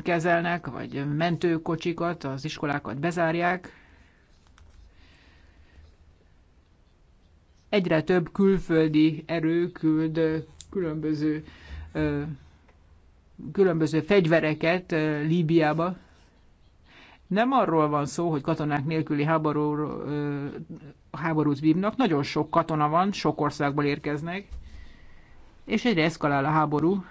kezelnek, vagy mentőkocsikat, az iskolákat bezárják. Egyre több külföldi erő küld különböző, különböző fegyvereket Líbiába. Nem arról van szó, hogy katonák nélküli háború, háborút vívnak, nagyon sok katona van, sok országból érkeznek, és egyre eszkalál a háború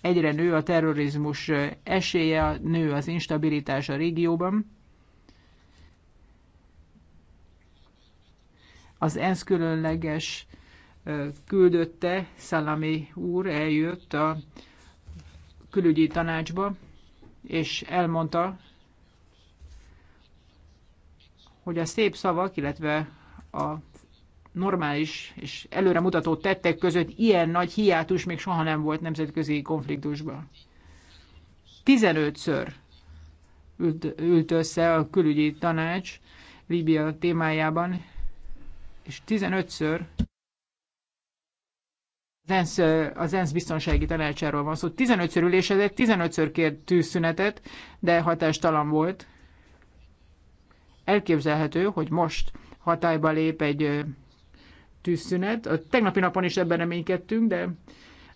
egyre nő a terrorizmus esélye, nő az instabilitás a régióban. Az ENSZ különleges küldötte, Szalami úr eljött a külügyi tanácsba, és elmondta, hogy a szép szavak, illetve a normális és előremutató tettek között ilyen nagy hiátus még soha nem volt nemzetközi konfliktusban. 15-ször ült, ült össze a külügyi tanács Líbia témájában, és 15-ször az ENSZ, az ENSZ biztonsági tanácsáról van szó. Szóval 15-ször ülésezett, 15-ször kért tűzszünetet, de hatástalan volt. Elképzelhető, hogy most hatályba lép egy tűzszünet. A tegnapi napon is ebben reménykedtünk, de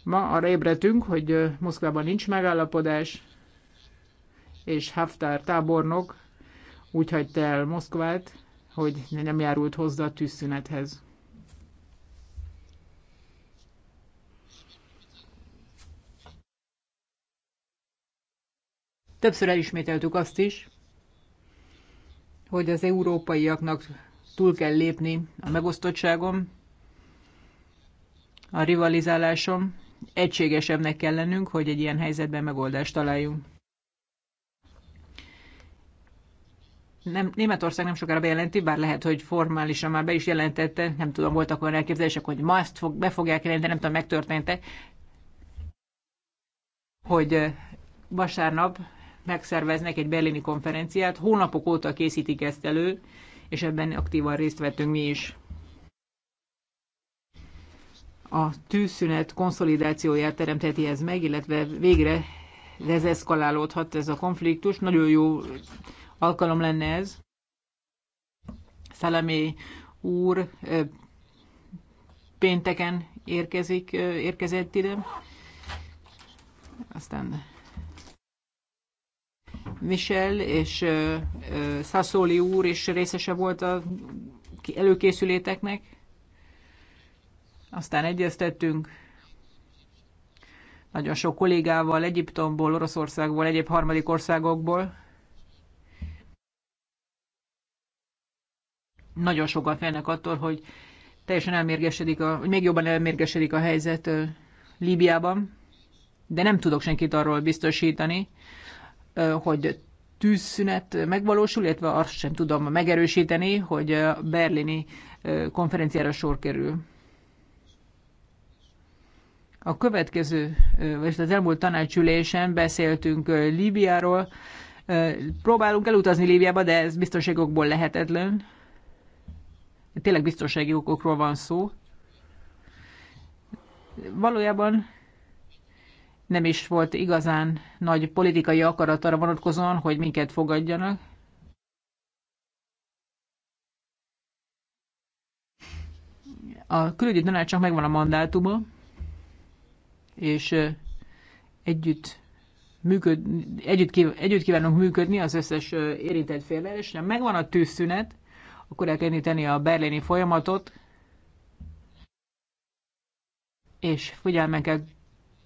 ma arra ébredtünk, hogy Moszkvában nincs megállapodás, és Haftar tábornok úgy hagyta el Moszkvát, hogy nem járult hozzá a tűzszünethez. Többször elismételtük azt is, hogy az európaiaknak túl kell lépni a megosztottságom, a rivalizálásom, egységesebbnek kell lennünk, hogy egy ilyen helyzetben megoldást találjunk. Nem, Németország nem sokára bejelenti, bár lehet, hogy formálisan már be is jelentette, nem tudom, voltak olyan elképzelések, hogy ma ezt fog, be fogják jelenteni, nem tudom, megtörtént-e, hogy vasárnap megszerveznek egy berlini konferenciát, hónapok óta készítik ezt elő, és ebben aktívan részt vettünk mi is. A tűzszünet konszolidációját teremteti ez meg, illetve végre dezeszkalálódhat ez a konfliktus. Nagyon jó alkalom lenne ez. Szalamé úr pénteken érkezik, érkezett ide. Aztán Michel és Sassoli úr is részese volt a előkészüléteknek. Aztán egyeztettünk nagyon sok kollégával Egyiptomból, Oroszországból, egyéb harmadik országokból. Nagyon sokan félnek attól, hogy teljesen elmérgesedik, a, hogy még jobban elmérgesedik a helyzet Líbiában, de nem tudok senkit arról biztosítani, hogy tűzszünet megvalósul, illetve azt sem tudom megerősíteni, hogy a berlini konferenciára sor kerül. A következő, vagyis az elmúlt tanácsülésen beszéltünk Líbiáról. Próbálunk elutazni Líbiába, de ez biztonságokból lehetetlen. Tényleg biztonsági okokról van szó. Valójában nem is volt igazán nagy politikai akarat arra vonatkozóan, hogy minket fogadjanak. A külügyi tanácsnak megvan a mandátuma, és együtt, működ, együtt, együtt kívánunk működni az összes érintett félvel, és ha megvan a tűzszünet, akkor el kell tenni a berlini folyamatot, és figyelmen kell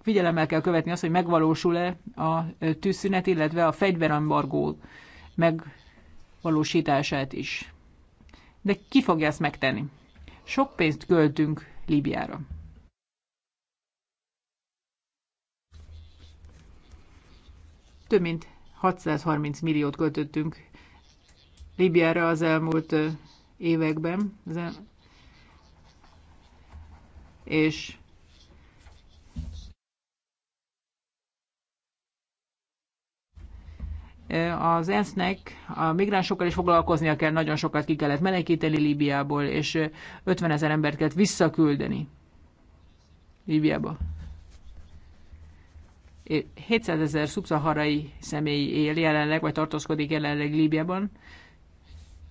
figyelemmel kell követni azt, hogy megvalósul-e a tűzszünet, illetve a fegyverembargó megvalósítását is. De ki fogja ezt megtenni? Sok pénzt költünk Líbiára. Több mint 630 milliót költöttünk Líbiára az elmúlt években, és az ENSZ-nek a migránsokkal is foglalkoznia kell, nagyon sokat ki kellett menekíteni Líbiából, és 50 ezer embert kellett visszaküldeni Líbiába. 700 ezer szubszaharai személy él jelenleg, vagy tartózkodik jelenleg Líbiában.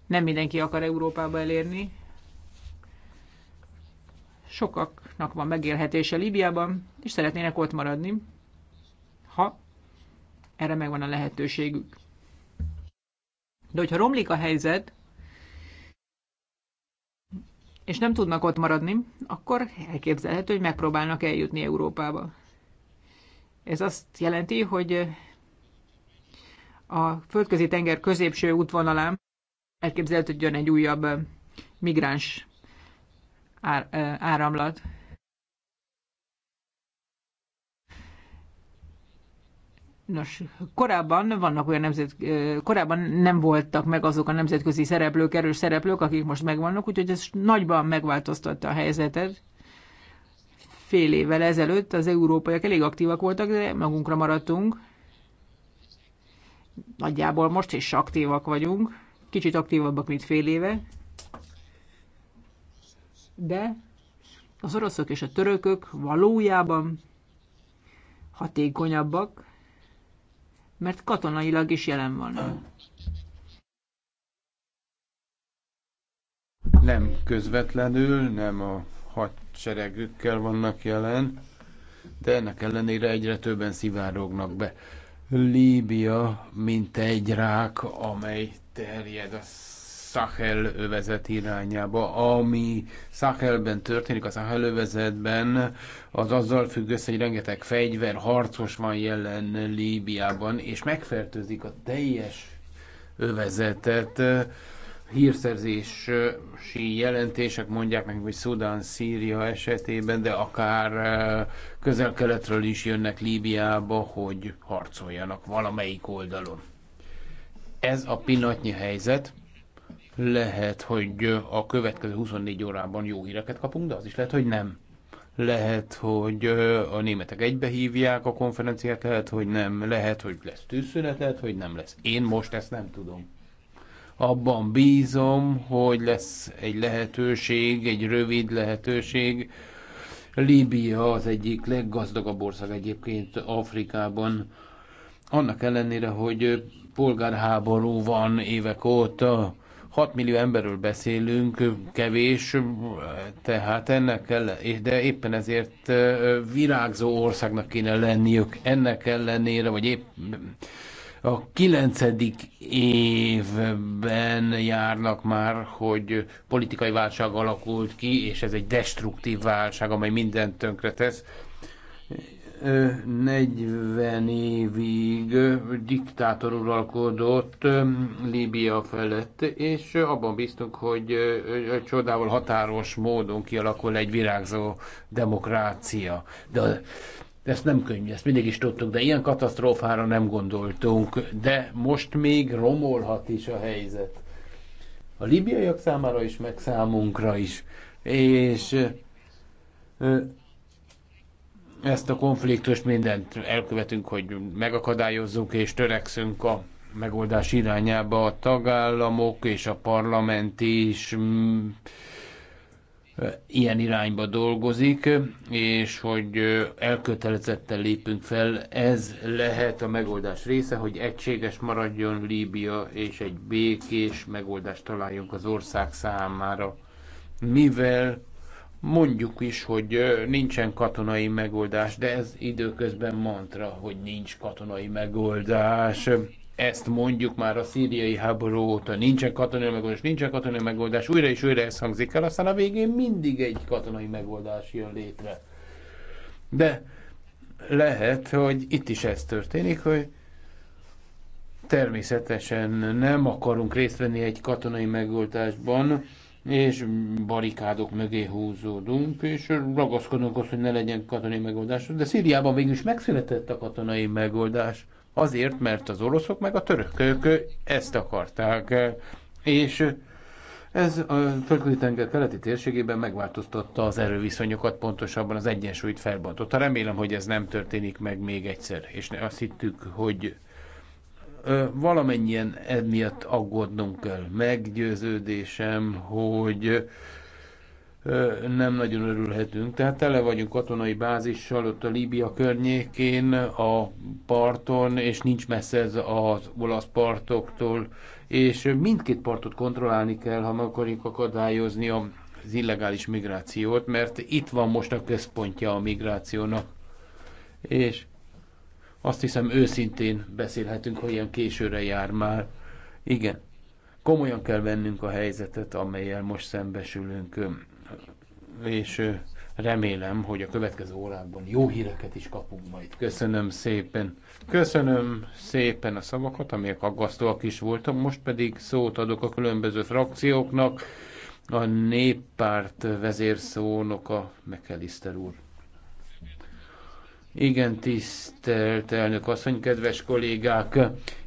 Nem mindenki akar Európába elérni. Sokaknak van megélhetése Líbiában, és szeretnének ott maradni, ha erre megvan a lehetőségük. De hogyha romlik a helyzet, és nem tudnak ott maradni, akkor elképzelhető, hogy megpróbálnak eljutni Európába. Ez azt jelenti, hogy a földközi tenger középső útvonalán elképzelhető, hogy jön egy újabb migráns áramlat. Nos, korábban vannak olyan nemzet, korábban nem voltak meg azok a nemzetközi szereplők, erős szereplők, akik most megvannak, úgyhogy ez nagyban megváltoztatta a helyzetet. Fél évvel ezelőtt az európaiak elég aktívak voltak, de magunkra maradtunk. Nagyjából most is aktívak vagyunk, kicsit aktívabbak, mint fél éve. De az oroszok és a törökök valójában hatékonyabbak, mert katonailag is jelen van. Nem közvetlenül, nem a hadseregükkel vannak jelen, de ennek ellenére egyre többen szivárognak be. Líbia, mint egy rák, amely terjed a Szahel övezet irányába. Ami Szahelben történik, a Szahel övezetben, az azzal függ össze, hogy rengeteg fegyver, harcos van jelen Líbiában, és megfertőzik a teljes övezetet. Hírszerzési jelentések mondják meg, hogy Szudán, Szíria esetében, de akár eh, közel-keletről is jönnek Líbiába, hogy harcoljanak valamelyik oldalon. Ez a pillanatnyi helyzet, lehet, hogy a következő 24 órában jó híreket kapunk, de az is lehet, hogy nem. Lehet, hogy a németek egybehívják a konferenciát, lehet, hogy nem. Lehet, hogy lesz tűzszünet, lehet, hogy nem lesz. Én most ezt nem tudom. Abban bízom, hogy lesz egy lehetőség, egy rövid lehetőség. Líbia az egyik leggazdagabb ország egyébként Afrikában. Annak ellenére, hogy polgárháború van évek óta, 6 millió emberről beszélünk, kevés, tehát ennek kell, de éppen ezért virágzó országnak kéne lenniük. Ennek ellenére, vagy épp a kilencedik évben járnak már, hogy politikai válság alakult ki, és ez egy destruktív válság, amely mindent tönkretesz. tesz. 40 évig diktátor uralkodott Líbia felett, és abban bíztunk, hogy csodával határos módon kialakul egy virágzó demokrácia. De ezt nem könnyű, ezt mindig is tudtuk, de ilyen katasztrófára nem gondoltunk, de most még romolhat is a helyzet. A libiaiak számára is, meg számunkra is. És ezt a konfliktust mindent elkövetünk, hogy megakadályozzuk és törekszünk a megoldás irányába a tagállamok és a parlament is mm, ilyen irányba dolgozik, és hogy elkötelezetten lépünk fel, ez lehet a megoldás része, hogy egységes maradjon Líbia, és egy békés megoldást találjunk az ország számára. Mivel Mondjuk is, hogy nincsen katonai megoldás, de ez időközben mantra, hogy nincs katonai megoldás. Ezt mondjuk már a szíriai háború óta, nincsen katonai megoldás, nincsen katonai megoldás, újra és újra ez hangzik el, aztán a végén mindig egy katonai megoldás jön létre. De lehet, hogy itt is ez történik, hogy természetesen nem akarunk részt venni egy katonai megoldásban, és barikádok mögé húzódunk, és ragaszkodunk ahhoz, hogy ne legyen katonai megoldás. De Szíriában végül is megszületett a katonai megoldás. Azért, mert az oroszok meg a törökök ezt akarták. És ez a földközi tenger keleti térségében megváltoztatta az erőviszonyokat, pontosabban az egyensúlyt felbontotta. Remélem, hogy ez nem történik meg még egyszer, és azt hittük, hogy valamennyien emiatt aggódnunk kell. Meggyőződésem, hogy nem nagyon örülhetünk. Tehát tele vagyunk katonai bázissal ott a Líbia környékén, a parton, és nincs messze ez az olasz partoktól, és mindkét partot kontrollálni kell, ha meg akarjuk akadályozni az illegális migrációt, mert itt van most a központja a migrációnak. És azt hiszem őszintén beszélhetünk, hogy ilyen későre jár már. Igen, komolyan kell vennünk a helyzetet, amelyel most szembesülünk, és remélem, hogy a következő órában jó híreket is kapunk majd. Köszönöm szépen. Köszönöm szépen a szavakat, amelyek aggasztóak is voltak. Most pedig szót adok a különböző frakcióknak. A néppárt vezérszónoka Mekeliszter úr. Igen, tisztelt elnök asszony, kedves kollégák!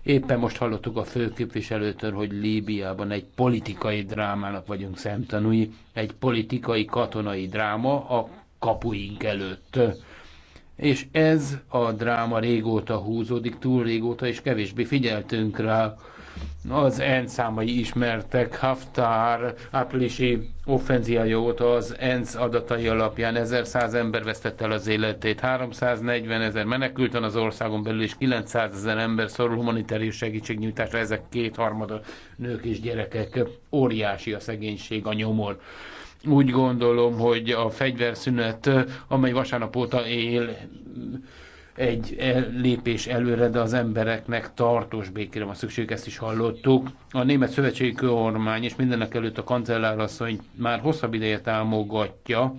Éppen most hallottuk a főképviselőtől, hogy Líbiában egy politikai drámának vagyunk szemtanúi, egy politikai katonai dráma a kapuink előtt. És ez a dráma régóta húzódik, túl régóta, és kevésbé figyeltünk rá az N számai ismertek. Haftar áprilisi offenziája óta az ENSZ adatai alapján 1100 ember vesztette el az életét, 340 ezer menekült van az országon belül, és 900 ezer ember szorul humanitárius segítségnyújtásra, ezek kétharmada nők és gyerekek. Óriási a szegénység, a nyomor úgy gondolom, hogy a fegyverszünet, amely vasárnap óta él, egy lépés előre, de az embereknek tartós békére van szükség, ezt is hallottuk. A német szövetségi kormány és mindenek előtt a kancellárasszony már hosszabb ideje támogatja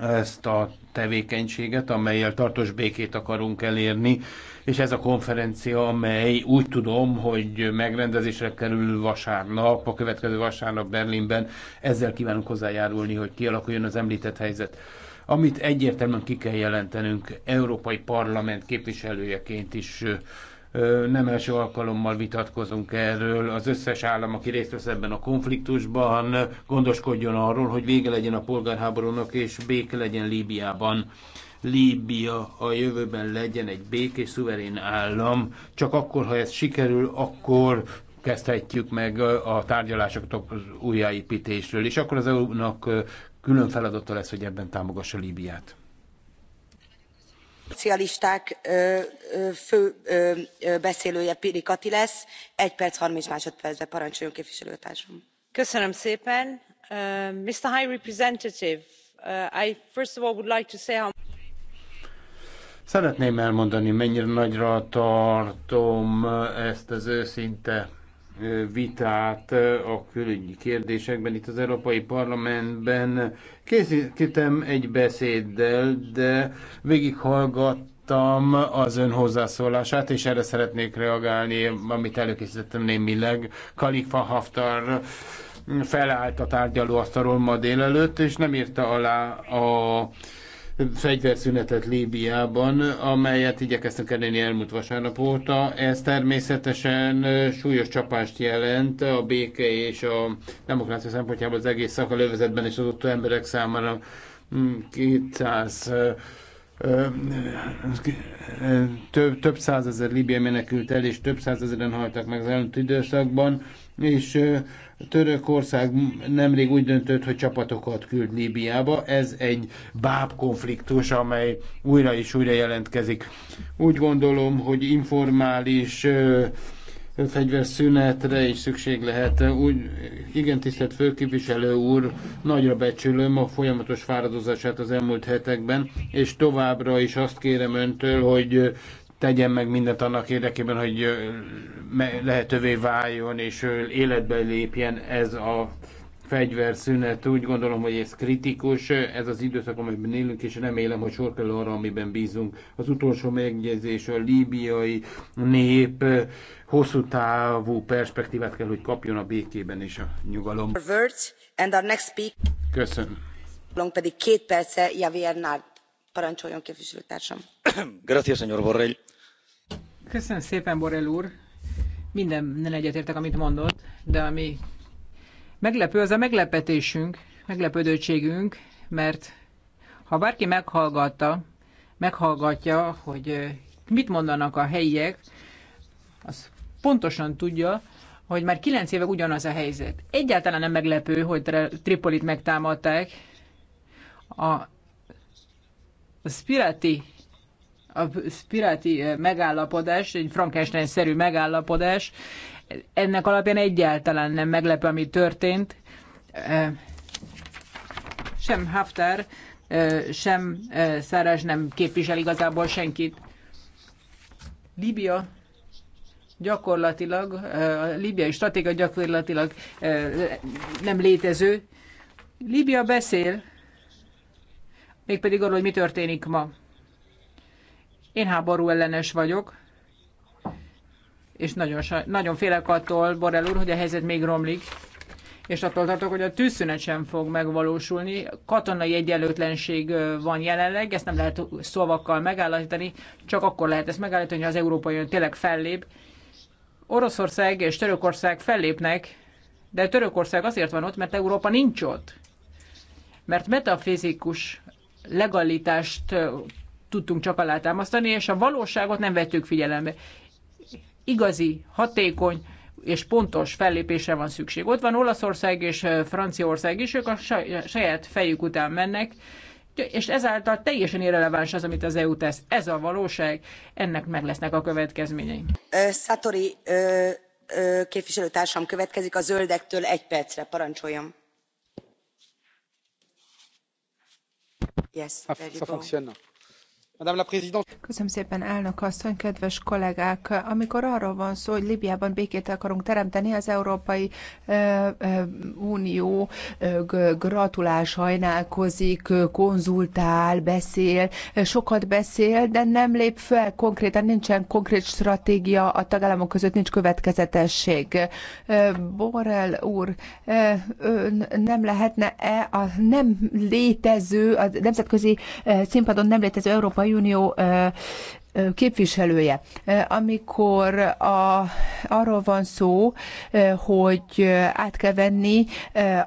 ezt a tevékenységet, amelyel tartós békét akarunk elérni, és ez a konferencia, amely úgy tudom, hogy megrendezésre kerül vasárnap, a következő vasárnap Berlinben, ezzel kívánunk hozzájárulni, hogy kialakuljon az említett helyzet amit egyértelműen ki kell jelentenünk Európai Parlament képviselőjeként is nem első alkalommal vitatkozunk erről. Az összes állam, aki részt vesz ebben a konfliktusban, gondoskodjon arról, hogy vége legyen a polgárháborúnak és béke legyen Líbiában. Líbia a jövőben legyen egy békés, szuverén állam. Csak akkor, ha ez sikerül, akkor kezdhetjük meg a tárgyalásokat újjáépítésről, és akkor az EU-nak külön feladata lesz, hogy ebben támogassa Líbiát. A szocialisták fő beszélője Piri Kati lesz. Egy perc, 30 másodpercbe parancsoljon képviselőtársam. Köszönöm szépen. Mr. High Representative, I first of all would like to say how Szeretném elmondani, mennyire nagyra tartom ezt az őszinte vitát a külügyi kérdésekben itt az Európai Parlamentben. Készítettem egy beszéddel, de végighallgattam az ön hozzászólását, és erre szeretnék reagálni, amit előkészítettem némileg. Kalifa Haftar felállt a tárgyalóasztalról ma délelőtt, és nem írta alá a fegyverszünetet Líbiában, amelyet igyekeztünk elérni elmúlt vasárnap óta. Ez természetesen súlyos csapást jelent a béke és a demokrácia szempontjából az egész szakalövezetben és az ott emberek számára 200 hmm, több, több százezer libiai menekült el, és több százezeren haltak meg az elmúlt időszakban, és Törökország nemrég úgy döntött, hogy csapatokat küld Líbiába. Ez egy báb konfliktus, amely újra és újra jelentkezik. Úgy gondolom, hogy informális fegyverszünetre is szükség lehet. Úgy, igen, tisztelt főképviselő úr, nagyra becsülöm a folyamatos fáradozását az elmúlt hetekben, és továbbra is azt kérem öntől, hogy tegyen meg mindent annak érdekében, hogy lehetővé váljon és életbe lépjen ez a fegyverszünet. Úgy gondolom, hogy ez kritikus, ez az időszak, amiben élünk, és remélem, hogy sor kerül arra, amiben bízunk. Az utolsó megjegyzés, a líbiai nép hosszú távú perspektívát kell, hogy kapjon a békében és a nyugalom. Köszönöm. Long pedig két perce Javier Nart köszönöm szépen borrell úr mindennel egyetértek amit mondott de ami meglepő az a meglepetésünk meglepődöttségünk mert ha bárki meghallgatta meghallgatja hogy mit mondanak a helyiek az pontosan tudja hogy már kilenc éve ugyanaz a helyzet. Egyáltalán nem meglepő, hogy Tripolit megtámadták. A a Spirati a Spirati eh, megállapodás, egy Frankenstein-szerű megállapodás, ennek alapján egyáltalán nem meglepő, ami történt. Eh, sem Haftar, eh, sem Szárás nem képvisel igazából senkit. Libia gyakorlatilag, a libiai stratégia gyakorlatilag nem létező. Libia beszél, mégpedig arról, hogy mi történik ma. Én háború ellenes vagyok, és nagyon, nagyon félek attól, Borrell úr, hogy a helyzet még romlik, és attól tartok, hogy a tűzszünet sem fog megvalósulni. Katonai egyenlőtlenség van jelenleg, ezt nem lehet szavakkal megállítani, csak akkor lehet ezt megállítani, ha az Európai Unió tényleg fellép. Oroszország és Törökország fellépnek, de Törökország azért van ott, mert Európa nincs ott. Mert metafizikus legalitást tudtunk csak alátámasztani, és a valóságot nem vettük figyelembe. Igazi, hatékony és pontos fellépésre van szükség. Ott van Olaszország és Franciaország is, ők a saját fejük után mennek, és ezáltal teljesen irreleváns az, amit az EU tesz. Ez a valóság, ennek meg lesznek a következményei. Szatori képviselőtársam következik a zöldektől egy percre, parancsoljam. ça fonctionne. Köszönöm szépen, elnök asszony, kedves kollégák! Amikor arról van szó, hogy Libiában békét akarunk teremteni, az Európai Unió gratulál, sajnálkozik, konzultál, beszél, sokat beszél, de nem lép fel konkrétan, nincsen konkrét stratégia, a tagállamok között nincs következetesség. Borrell úr, ön nem lehetne-e a nem létező, a nemzetközi színpadon nem létező Európai Unió képviselője. Amikor a, arról van szó, hogy át kell venni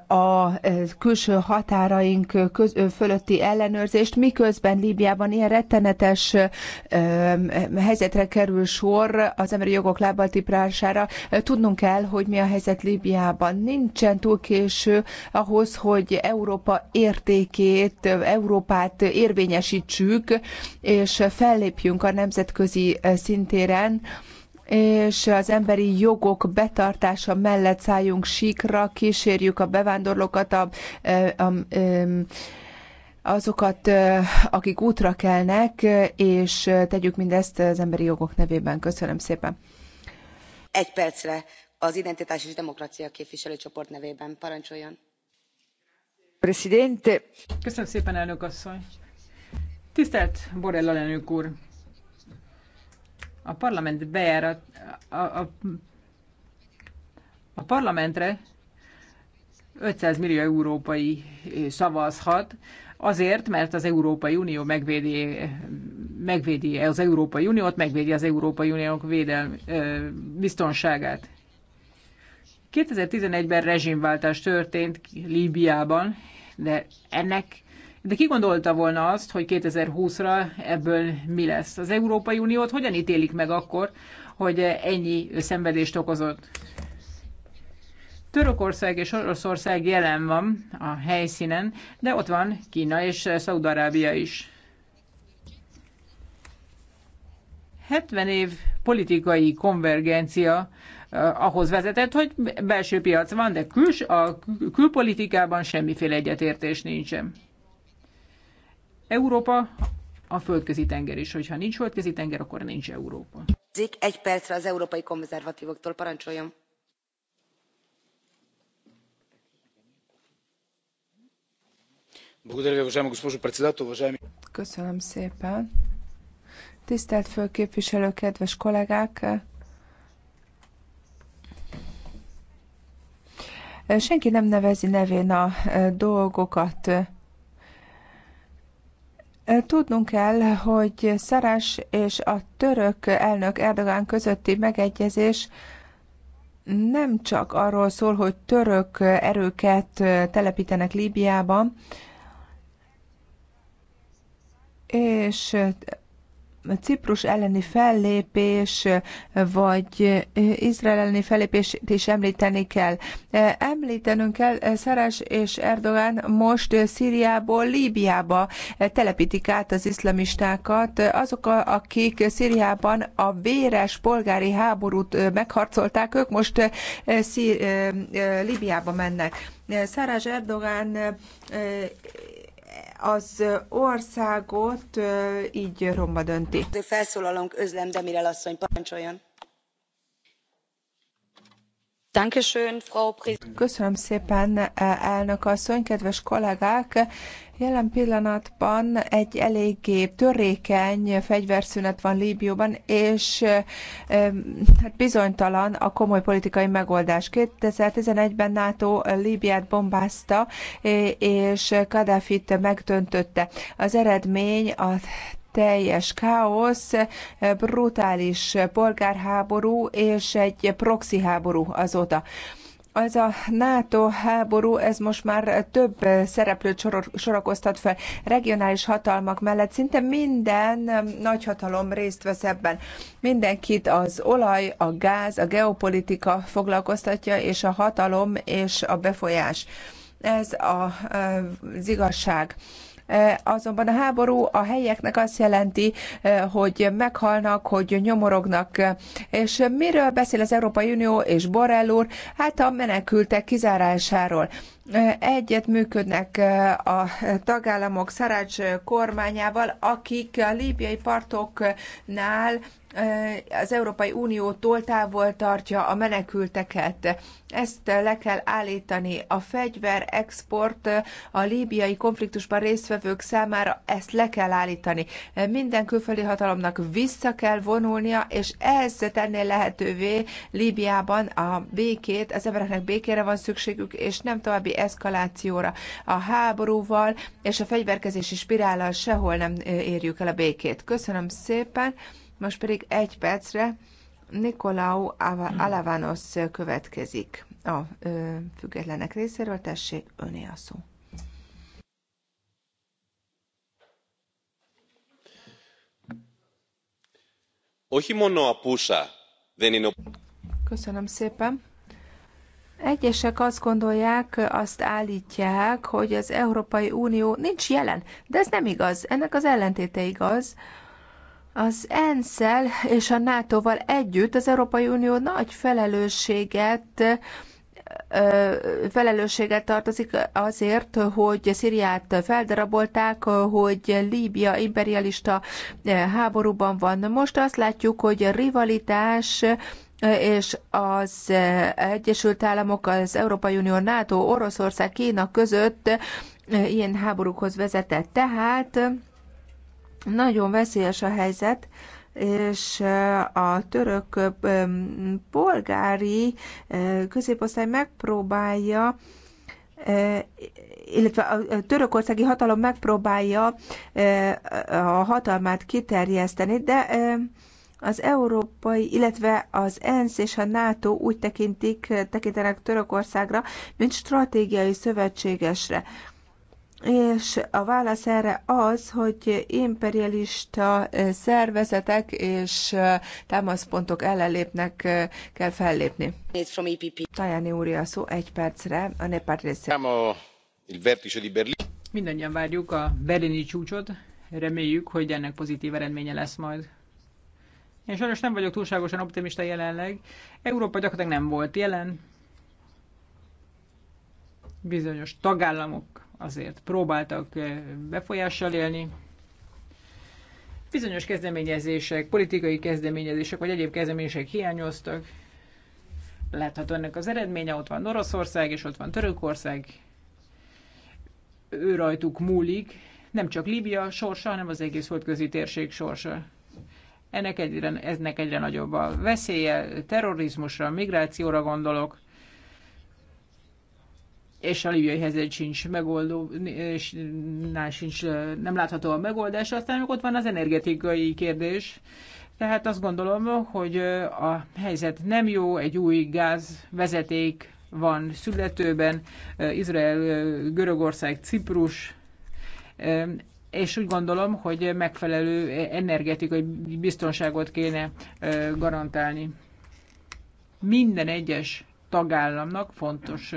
a külső határaink köz, fölötti ellenőrzést, miközben Líbiában ilyen rettenetes helyzetre kerül sor az emberi jogok lábaltiprására, tudnunk kell, hogy mi a helyzet Líbiában. Nincsen túl késő ahhoz, hogy Európa értékét, Európát érvényesítsük, és fellépjünk a nemzetközi eh, szintéren, és az emberi jogok betartása mellett szálljunk síkra, kísérjük a bevándorlókat, a, eh, a, a azokat, eh, akik útra kelnek, és tegyük mindezt az emberi jogok nevében. Köszönöm szépen. Egy percre az Identitás és Demokrácia képviselőcsoport nevében parancsoljon. Presidente. Köszönöm szépen, elnök asszony. Tisztelt Borrell elnök úr! a parlament bejárat, a, a, a parlamentre 500 millió európai szavazhat, azért, mert az Európai Unió megvédi, megvédi az Európai Uniót, megvédi az Európai Uniók védel, biztonságát. 2011-ben rezsimváltás történt Líbiában, de ennek de ki gondolta volna azt, hogy 2020-ra ebből mi lesz? Az Európai Uniót hogyan ítélik meg akkor, hogy ennyi szenvedést okozott? Törökország és Oroszország jelen van a helyszínen, de ott van Kína és Szaudarábia is. 70 év politikai konvergencia eh, ahhoz vezetett, hogy belső piac van, de küls, a külpolitikában semmiféle egyetértés nincsen. Európa a földközi tenger is. Hogyha nincs földközi tenger, akkor nincs Európa. Zik, egy percre az európai konzervatívoktól parancsoljon. Köszönöm szépen. Tisztelt főképviselő, kedves kollégák! Senki nem nevezi nevén a dolgokat. Tudnunk kell, hogy Szeres és a török elnök Erdogán közötti megegyezés nem csak arról szól, hogy török erőket telepítenek Líbiában, és Ciprus elleni fellépés, vagy Izrael elleni fellépést is említeni kell. Említenünk kell, Szeres és Erdogán most Szíriából Líbiába telepítik át az iszlamistákat. Azok, akik Szíriában a véres polgári háborút megharcolták, ők most eh, Szír- eh, Líbiába mennek. Szárás Erdogán eh, az országot így romba dönti. Felszólalónk Özlem Demirel asszony parancsoljon. Köszönöm szépen, e, elnök asszony, kedves kollégák! Jelen pillanatban egy eléggé törékeny fegyverszünet van Líbióban, és e, e, hát bizonytalan a komoly politikai megoldás. 2011-ben NATO Líbiát bombázta, és Kadáfit megtöntötte. Az eredmény a teljes káosz, brutális polgárháború és egy proxy háború azóta. Az a NATO háború, ez most már több szereplőt soror, sorakoztat fel regionális hatalmak mellett. Szinte minden nagyhatalom részt vesz ebben. Mindenkit az olaj, a gáz, a geopolitika foglalkoztatja, és a hatalom és a befolyás. Ez a, az igazság. E, azonban a háború a helyeknek azt jelenti, e, hogy meghalnak, hogy nyomorognak. És miről beszél az Európai Unió és Borrell úr? Hát a menekültek kizárásáról. E, egyet működnek a tagállamok Szarács kormányával, akik a líbiai partoknál az Európai Uniótól távol tartja a menekülteket. Ezt le kell állítani. A fegyver export a líbiai konfliktusban résztvevők számára ezt le kell állítani. Minden külföldi hatalomnak vissza kell vonulnia, és ez tenné lehetővé Líbiában a békét, az embereknek békére van szükségük, és nem további eszkalációra. A háborúval és a fegyverkezési spirállal sehol nem érjük el a békét. Köszönöm szépen! Most pedig egy percre Nikolau Alavanos következik a ö, függetlenek részéről. Tessék, öné a szó. Köszönöm szépen. Egyesek azt gondolják, azt állítják, hogy az Európai Unió nincs jelen, de ez nem igaz. Ennek az ellentéte igaz. Az ensz és a NATO-val együtt az Európai Unió nagy felelősséget felelősséget tartozik azért, hogy Szíriát feldarabolták, hogy Líbia imperialista háborúban van. Most azt látjuk, hogy a rivalitás és az Egyesült Államok, az Európai Unió, NATO, Oroszország, Kína között ilyen háborúkhoz vezetett. Tehát nagyon veszélyes a helyzet, és a török polgári középosztály megpróbálja illetve a törökországi hatalom megpróbálja a hatalmát kiterjeszteni, de az európai, illetve az ENSZ és a NATO úgy tekintik, tekintenek Törökországra, mint stratégiai szövetségesre és a válasz erre az, hogy imperialista eh, szervezetek és eh, támaszpontok ellen lépnek, eh, kell fellépni. Tajani úr, a szó egy percre a néppárt részéről. Mindannyian várjuk a berlini csúcsot, reméljük, hogy ennek pozitív eredménye lesz majd. Én sajnos nem vagyok túlságosan optimista jelenleg. Európa gyakorlatilag nem volt jelen. Bizonyos tagállamok azért próbáltak eh, befolyással élni. Bizonyos kezdeményezések, politikai kezdeményezések vagy egyéb kezdeményezések hiányoztak. Látható ennek az eredménye, ott van Oroszország és ott van Törökország. Ő rajtuk múlik, nem csak Líbia sorsa, hanem az egész földközi térség sorsa. Ennek egyre, eznek egyre nagyobb a veszélye, terrorizmusra, migrációra gondolok és a libiai helyzet sincs megoldó, és nem, sincs, nem látható a megoldás. Aztán ott van az energetikai kérdés, tehát azt gondolom, hogy a helyzet nem jó, egy új gázvezeték van születőben, Izrael, Görögország, Ciprus, és úgy gondolom, hogy megfelelő energetikai biztonságot kéne garantálni. Minden egyes tagállamnak fontos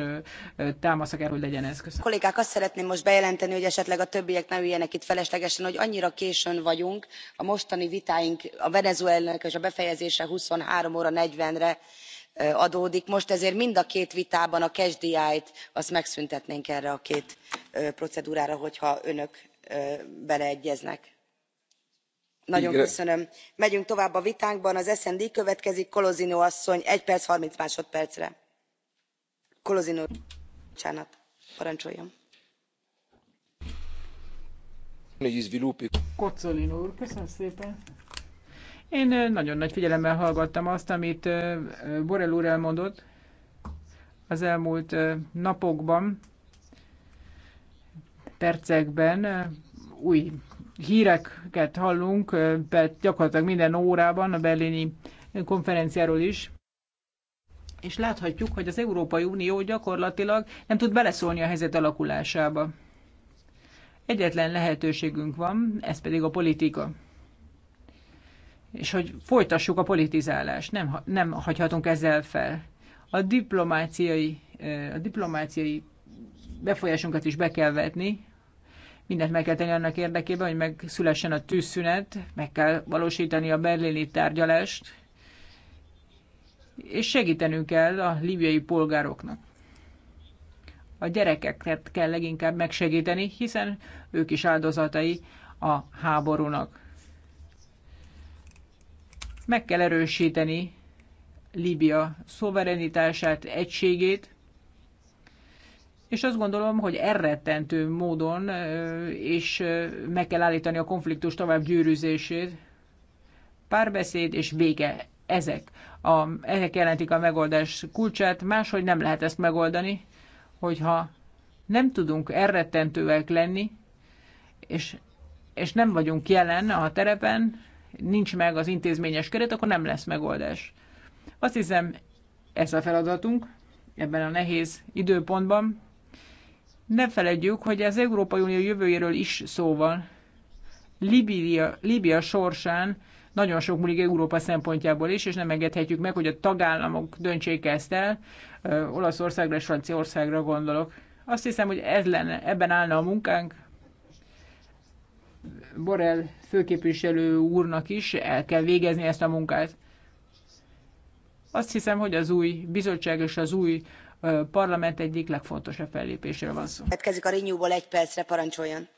támaszak kell, hogy legyen ez. Köszönöm. Kollégák, azt szeretném most bejelenteni, hogy esetleg a többiek ne üljenek itt feleslegesen, hogy annyira későn vagyunk, a mostani vitáink a venezuelának és a befejezése 23 óra 40-re adódik most ezért mind a két vitában a cash the t azt megszüntetnénk erre a két procedúrára hogyha önök beleegyeznek. nagyon Igen. köszönöm. megyünk tovább a vitánkban az SND következik kolozino asszony egy perc 30 másodpercre. Én nagyon nagy figyelemmel hallgattam azt, amit Borel úr elmondott az elmúlt napokban, percekben új híreket hallunk, gyakorlatilag minden órában a berlini konferenciáról is és láthatjuk, hogy az Európai Unió gyakorlatilag nem tud beleszólni a helyzet alakulásába. Egyetlen lehetőségünk van, ez pedig a politika. És hogy folytassuk a politizálást, nem, nem hagyhatunk ezzel fel. A diplomáciai, a diplomáciai befolyásunkat is be kell vetni, mindent meg kell tenni annak érdekében, hogy megszülessen a tűzszünet, meg kell valósítani a berlini tárgyalást, és segítenünk kell a libiai polgároknak. A gyerekeket kell leginkább megsegíteni, hiszen ők is áldozatai a háborúnak. Meg kell erősíteni Libia szuverenitását, egységét, és azt gondolom, hogy errettentő módon és meg kell állítani a konfliktus tovább gyűrűzését. Párbeszéd és béke ezek. A, ezek jelentik a megoldás kulcsát, máshogy nem lehet ezt megoldani, hogyha nem tudunk elrettentőek lenni, és, és nem vagyunk jelen a terepen, nincs meg az intézményes keret, akkor nem lesz megoldás. Azt hiszem, ez a feladatunk ebben a nehéz időpontban. Ne feledjük, hogy az Európai Unió jövőjéről is szó van. Libia, Libia sorsán nagyon sok múlik Európa szempontjából is, és nem engedhetjük meg, hogy a tagállamok döntsék ezt el. Olaszországra és Franciaországra gondolok. Azt hiszem, hogy ez lenne, ebben állna a munkánk. Borel főképviselő úrnak is el kell végezni ezt a munkát. Azt hiszem, hogy az új bizottság és az új parlament egyik legfontosabb fellépésről van szó. Következik a Renewból egy percre, parancsoljon.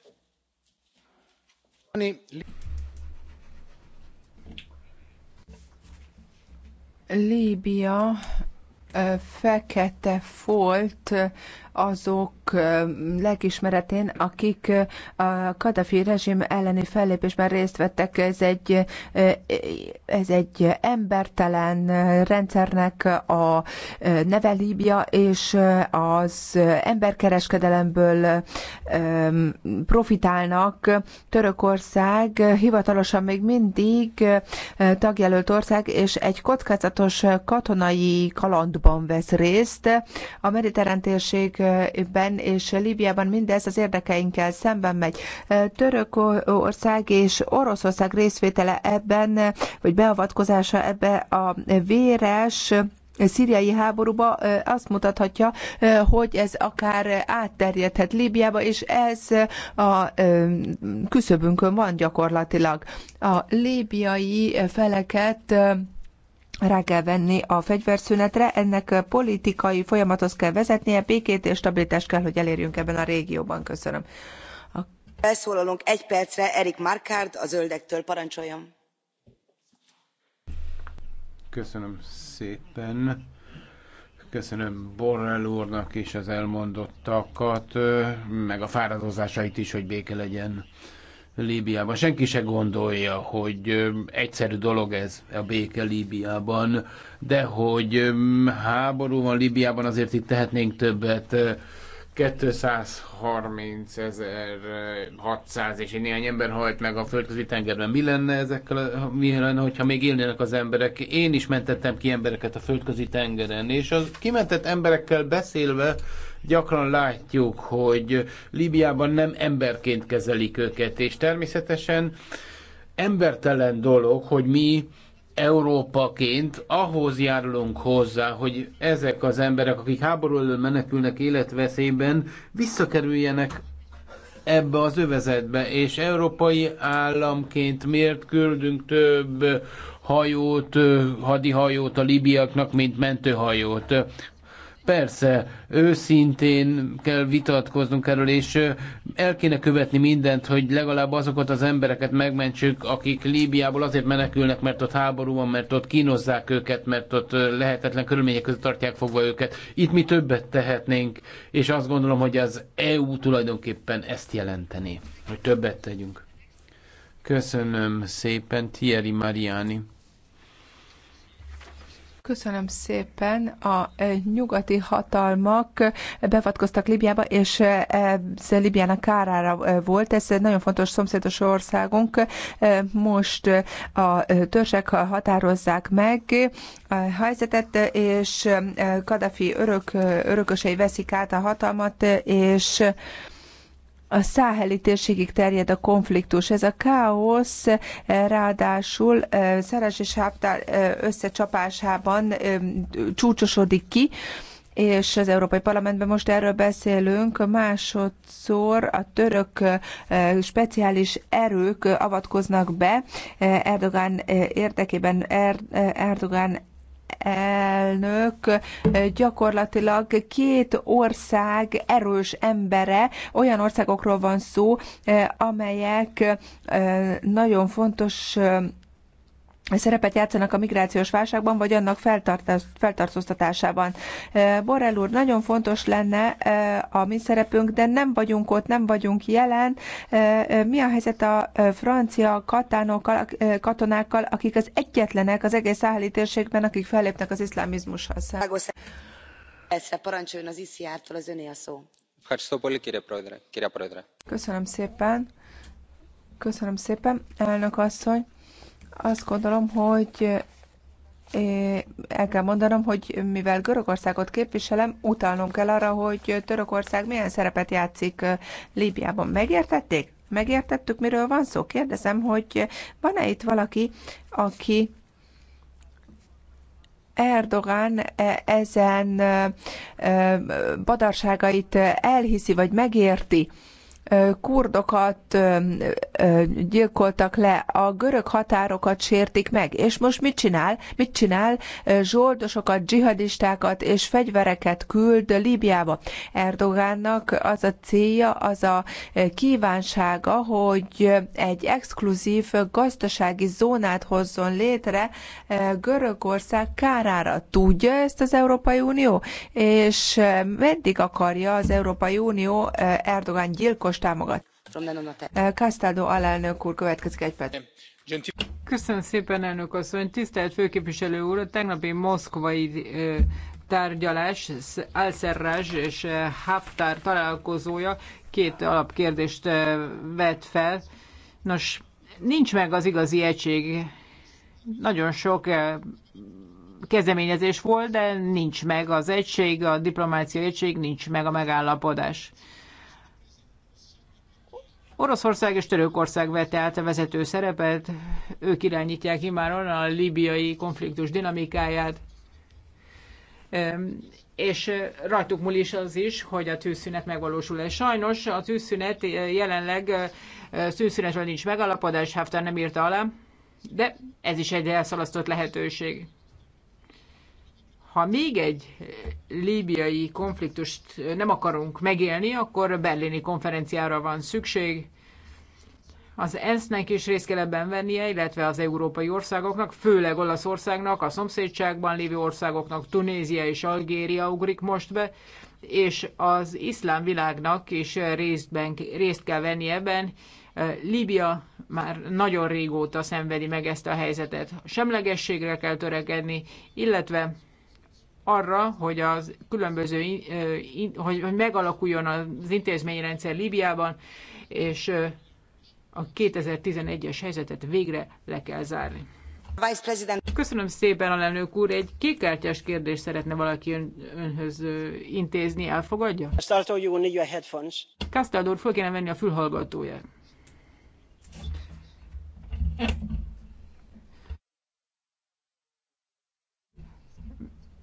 Líbia fekete folt azok lelkismeretén, akik a Kadafi rezsim elleni fellépésben részt vettek. Ez egy, ez egy embertelen rendszernek a neve Líbia, és az emberkereskedelemből profitálnak. Törökország hivatalosan még mindig tagjelölt ország, és egy kockázatos katonai kalandban vesz részt. A mediterrán térség Törökországban és Líbiában mindez az érdekeinkkel szemben megy. Törökország és Oroszország részvétele ebben, vagy beavatkozása ebbe a véres szíriai háborúba azt mutathatja, hogy ez akár átterjedhet Líbiába, és ez a küszöbünkön van gyakorlatilag. A líbiai feleket rá kell venni a fegyverszünetre, ennek politikai folyamathoz kell vezetnie, békét és stabilitást kell, hogy elérjünk ebben a régióban. Köszönöm. A... Felszólalunk egy percre, Erik Markard, a Zöldektől parancsoljon. Köszönöm szépen. Köszönöm Borrell úrnak is az elmondottakat, meg a fáradozásait is, hogy béke legyen Líbiában. Senki se gondolja, hogy egyszerű dolog ez a béke Líbiában, de hogy háború van Líbiában, azért itt tehetnénk többet. 230.600 és néhány ember halt meg a földközi tengerben. Mi lenne ezekkel, mi lenne, hogyha még élnének az emberek? Én is mentettem ki embereket a földközi tengeren, és a kimentett emberekkel beszélve Gyakran látjuk, hogy Líbiában nem emberként kezelik őket, és természetesen embertelen dolog, hogy mi Európaként ahhoz járulunk hozzá, hogy ezek az emberek, akik háború elől menekülnek életveszélyben, visszakerüljenek ebbe az övezetbe, és európai államként miért küldünk több hajót, hadihajót a libiaknak, mint mentőhajót. Persze, őszintén kell vitatkoznunk erről, és el kéne követni mindent, hogy legalább azokat az embereket megmentsük, akik Líbiából azért menekülnek, mert ott háború van, mert ott kínozzák őket, mert ott lehetetlen körülmények között tartják fogva őket. Itt mi többet tehetnénk, és azt gondolom, hogy az EU tulajdonképpen ezt jelenteni, hogy többet tegyünk. Köszönöm szépen, Thierry Mariani. Köszönöm szépen. A e, nyugati hatalmak bevatkoztak Libyába, és e, ez Libyának kárára e, volt. Ez egy nagyon fontos szomszédos országunk. Most a törzsek határozzák meg a helyzetet, és Kadafi örök, örökösei veszik át a hatalmat, és a száheli térségig terjed a konfliktus. Ez a káosz eh, ráadásul eh, Szeres és Háptár eh, összecsapásában csúcsosodik ki, és az Európai Parlamentben most erről beszélünk, másodszor a török speciális erők avatkoznak be Erdogán érdekében, er-, Erdogán elnök gyakorlatilag két ország erős embere, olyan országokról van szó, eh, amelyek eh, nagyon fontos eh, szerepet játszanak a migrációs válságban, vagy annak feltartóztatásában. E, Borrell úr, nagyon fontos lenne e, a mi szerepünk, de nem vagyunk ott, nem vagyunk jelen. E, mi a helyzet a francia katánokkal, katonákkal, akik az egyetlenek az egész száháli térségben, akik fellépnek az iszlámizmushoz? Parancsoljon az ICR-tól az öné a szó. Köszönöm szépen. Köszönöm szépen, elnök asszony azt gondolom, hogy eh, el kell mondanom, hogy mivel Görögországot képviselem, utalnom kell arra, hogy Törökország milyen szerepet játszik eh, Líbiában. Megértették? Megértettük, miről van szó? Kérdezem, hogy van-e itt valaki, aki Erdogan eh, ezen badarságait elhiszi, vagy megérti? kurdokat gyilkoltak le, a görög határokat sértik meg, és most mit csinál? Mit csinál? Zsoldosokat, dzsihadistákat és fegyvereket küld Líbiába. Erdogánnak az a célja, az a kívánsága, hogy egy exkluzív gazdasági zónát hozzon létre Görögország kárára. Tudja ezt az Európai Unió? És meddig akarja az Európai Unió Erdogán gyilkos uniós támogat. Castaldo alelnök úr, következik egy perc. Köszönöm szépen, elnök asszony. Tisztelt főképviselő úr, a tegnapi moszkvai tárgyalás, Alszerrázs és Haftar találkozója két alapkérdést vet fel. Nos, nincs meg az igazi egység. Nagyon sok kezdeményezés volt, de nincs meg az egység, a diplomácia egység, nincs meg a megállapodás. Oroszország és Törökország vette át a vezető szerepet, ők irányítják imáron a libiai konfliktus dinamikáját, és rajtuk múl is az is, hogy a tűzszünet megvalósul-e. Sajnos a tűzszünet jelenleg tűzszünetről nincs megalapodás, Haftar nem írta alá, de ez is egy elszalasztott lehetőség ha még egy eh, líbiai konfliktust eh, nem akarunk megélni, akkor berlini konferenciára van szükség. Az ENSZ-nek is részt kell ebben vennie, illetve az európai országoknak, főleg Olaszországnak, a szomszédságban lévő országoknak, Tunézia és Algéria ugrik most be, és az iszlám világnak is részben, részt kell venni ebben. Eh, Líbia már nagyon régóta szenvedi meg ezt a helyzetet. Semlegességre kell törekedni, illetve arra, hogy az különböző, hogy, megalakuljon az intézményrendszer Líbiában, és a 2011-es helyzetet végre le kell zárni. Köszönöm szépen, alelnök úr. Egy kékkártyás kérdést szeretne valaki ön, önhöz intézni, elfogadja? Castaldo úr, föl kéne venni a fülhallgatóját.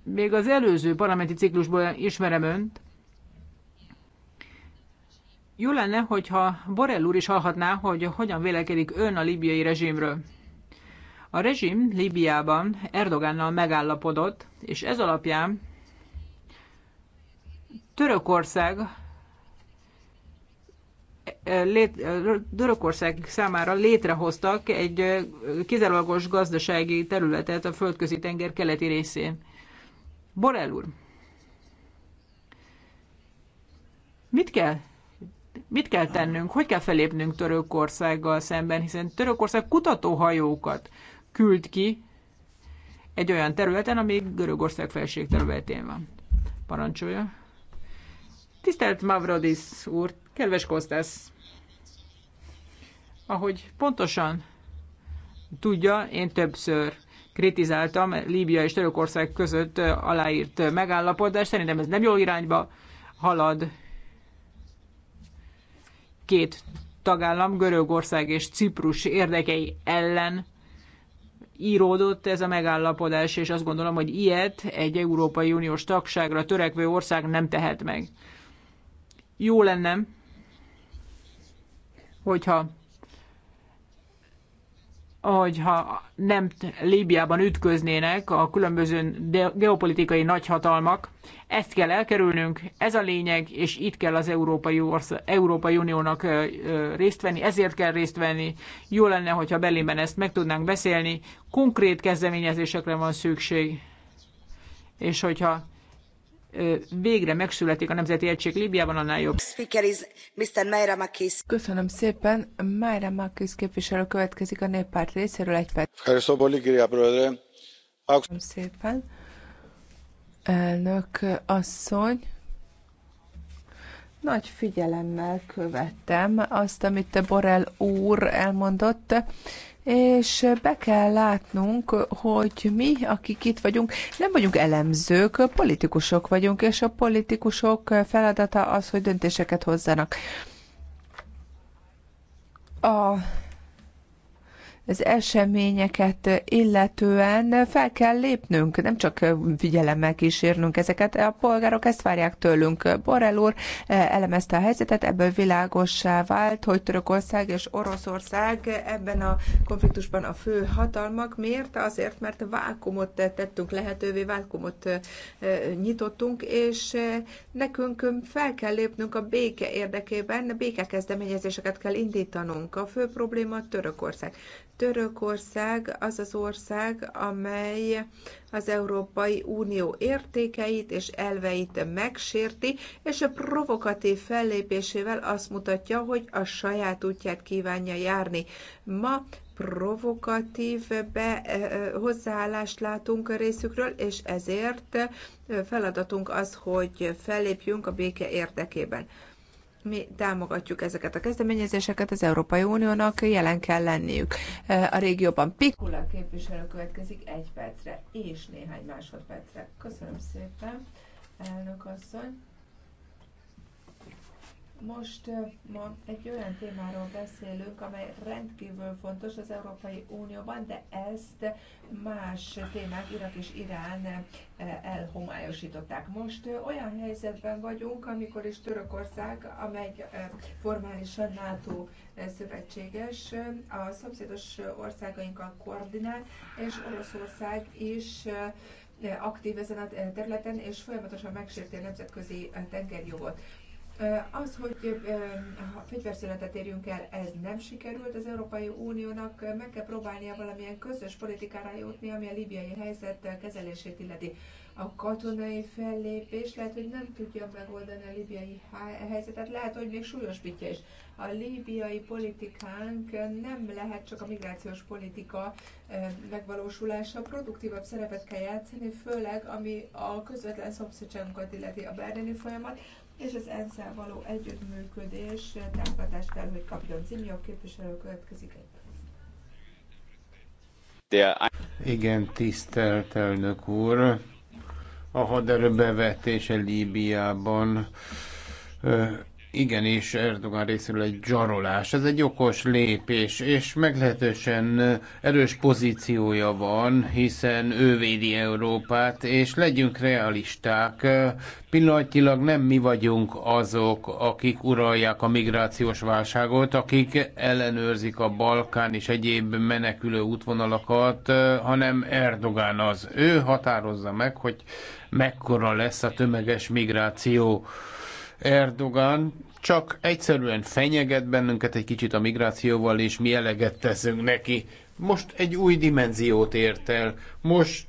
még az előző parlamenti ciklusból ismerem önt. Jó lenne, hogyha Borrell úr is hallhatná, hogy hogyan vélekedik ön a libiai rezsimről. A rezsim Libiában Erdogánnal megállapodott, és ez alapján Törökország eh, lét, eh, Törökország számára létrehoztak egy eh, kizárólagos gazdasági területet a földközi tenger keleti részén. Borel úr, mit kell mit kell tennünk, hogy kell felépnünk Törökországgal szemben, hiszen Törökország kutatóhajókat küld ki egy olyan területen, ami Görögország felség területén van. Parancsolja. Tisztelt Mavrodis úr, kedves Kostász, ahogy pontosan tudja, én többször kritizáltam Líbia és Törökország között aláírt megállapodás. Szerintem ez nem jó irányba halad. Két tagállam, Görögország és Ciprus érdekei ellen íródott ez a megállapodás, és azt gondolom, hogy ilyet egy Európai Uniós tagságra törekvő ország nem tehet meg. Jó lenne, hogyha hogyha nem Líbiában ütköznének a különböző geopolitikai nagyhatalmak. Ezt kell elkerülnünk, ez a lényeg, és itt kell az Európai, Orsza, Európai Uniónak részt venni, ezért kell részt venni. Jó lenne, hogyha Berlinben ezt meg tudnánk beszélni. Konkrét kezdeményezésekre van szükség, és hogyha végre megszületik a Nemzeti Egység Líbiában, annál jobb. Mr. Makis. Köszönöm szépen. Mayra Makis képviselő következik a néppárt részéről egy perc. Köszönöm szépen. Elnök asszony, nagy figyelemmel követtem azt, amit Borel úr elmondott, és be kell látnunk, hogy mi, akik itt vagyunk, nem vagyunk elemzők, politikusok vagyunk, és a politikusok feladata az, hogy döntéseket hozzanak. A az eseményeket illetően fel kell lépnünk, nem csak figyelemmel kísérnünk ezeket. A polgárok ezt várják tőlünk. Borrell úr eh, elemezte a helyzetet, ebből világossá vált, hogy Törökország és Oroszország ebben a konfliktusban a fő hatalmak. Miért? Azért, mert vákumot tettünk lehetővé, vákumot eh, nyitottunk, és eh, nekünk fel kell lépnünk a béke érdekében, békekezdeményezéseket kell indítanunk. A fő probléma Törökország. Törökország az az ország, amely az Európai Unió értékeit és elveit megsérti, és a provokatív fellépésével azt mutatja, hogy a saját útját kívánja járni. Ma provokatív be, eh, eh, hozzáállást látunk a részükről, és ezért eh, feladatunk az, hogy fellépjünk a béke érdekében mi támogatjuk ezeket a kezdeményezéseket, az Európai Uniónak jelen kell lenniük. E, a régióban Pikula képviselő következik egy percre és néhány másodpercre. Köszönöm szépen, elnök asszony. Most ma egy olyan témáról beszélünk, amely rendkívül fontos az Európai Unióban, de ezt más témák, Irak és Irán elhomályosították. Most olyan helyzetben vagyunk, amikor is Törökország, amely formálisan NATO szövetséges, a szomszédos országainkkal koordinál, és Oroszország is aktív ezen a területen, és folyamatosan megsérti a nemzetközi tengerjogot. Az, hogy fegyverszünetet érjünk el, ez nem sikerült az Európai Uniónak, meg kell próbálnia valamilyen közös politikára jutni, ami a libiai helyzet kezelését illeti. A katonai fellépés lehet, hogy nem tudja megoldani a libiai helyzetet, lehet, hogy még súlyosbítja is. A libiai politikánk nem lehet csak a migrációs politika megvalósulása, produktívabb szerepet kell játszani, főleg ami a közvetlen szomszédságunkat illeti a berlini folyamat, és az ensz való együttműködés eh, támogatást kell, hogy kapjon. Zimió képviselő következik egy igen, tisztelt elnök úr. A haderő bevetése Líbiában eh, igen, és Erdogan részéről egy zsarolás. Ez egy okos lépés, és meglehetősen erős pozíciója van, hiszen ő védi Európát, és legyünk realisták. Pillanatilag nem mi vagyunk azok, akik uralják a migrációs válságot, akik ellenőrzik a Balkán és egyéb menekülő útvonalakat, hanem Erdogan az. Ő határozza meg, hogy mekkora lesz a tömeges migráció. Erdogan csak egyszerűen fenyeget bennünket egy kicsit a migrációval, és mi eleget teszünk neki. Most egy új dimenziót ért el. Most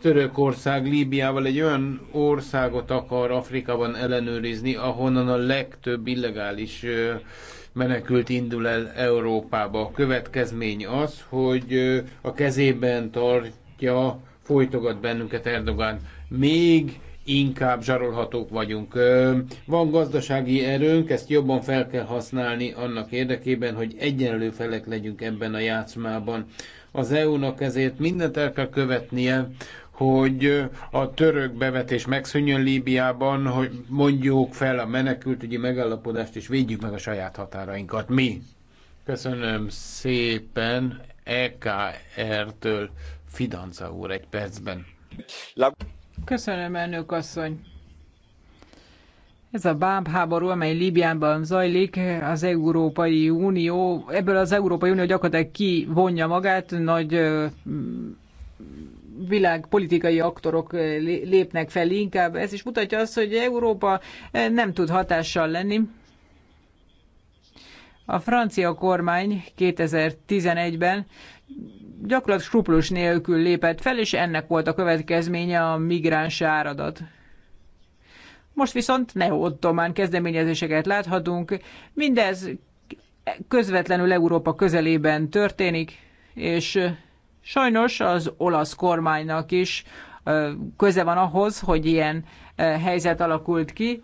Törökország Líbiával egy olyan országot akar Afrikában ellenőrizni, ahonnan a legtöbb illegális menekült indul el Európába. A következmény az, hogy a kezében tartja, folytogat bennünket Erdogan. Még inkább zsarolhatók vagyunk. Van gazdasági erőnk, ezt jobban fel kell használni annak érdekében, hogy egyenlő felek legyünk ebben a játszmában. Az EU-nak ezért mindent el kell követnie, hogy a török bevetés megszűnjön Líbiában, hogy mondjuk fel a menekültügyi megállapodást, és védjük meg a saját határainkat. Mi? Köszönöm szépen EKR-től Fidanca úr egy percben. Köszönöm, elnök asszony. Ez a bábháború, amely Líbiánban zajlik, az Európai Unió, ebből az Európai Unió gyakorlatilag kivonja magát, nagy világpolitikai aktorok lépnek fel inkább. Ez is mutatja azt, hogy Európa nem tud hatással lenni. A francia kormány 2011-ben gyakorlatilag skrupulus nélkül lépett fel, és ennek volt a következménye a migráns áradat. Most viszont neo-ottomán kezdeményezéseket láthatunk, mindez közvetlenül Európa közelében történik, és sajnos az olasz kormánynak is köze van ahhoz, hogy ilyen helyzet alakult ki.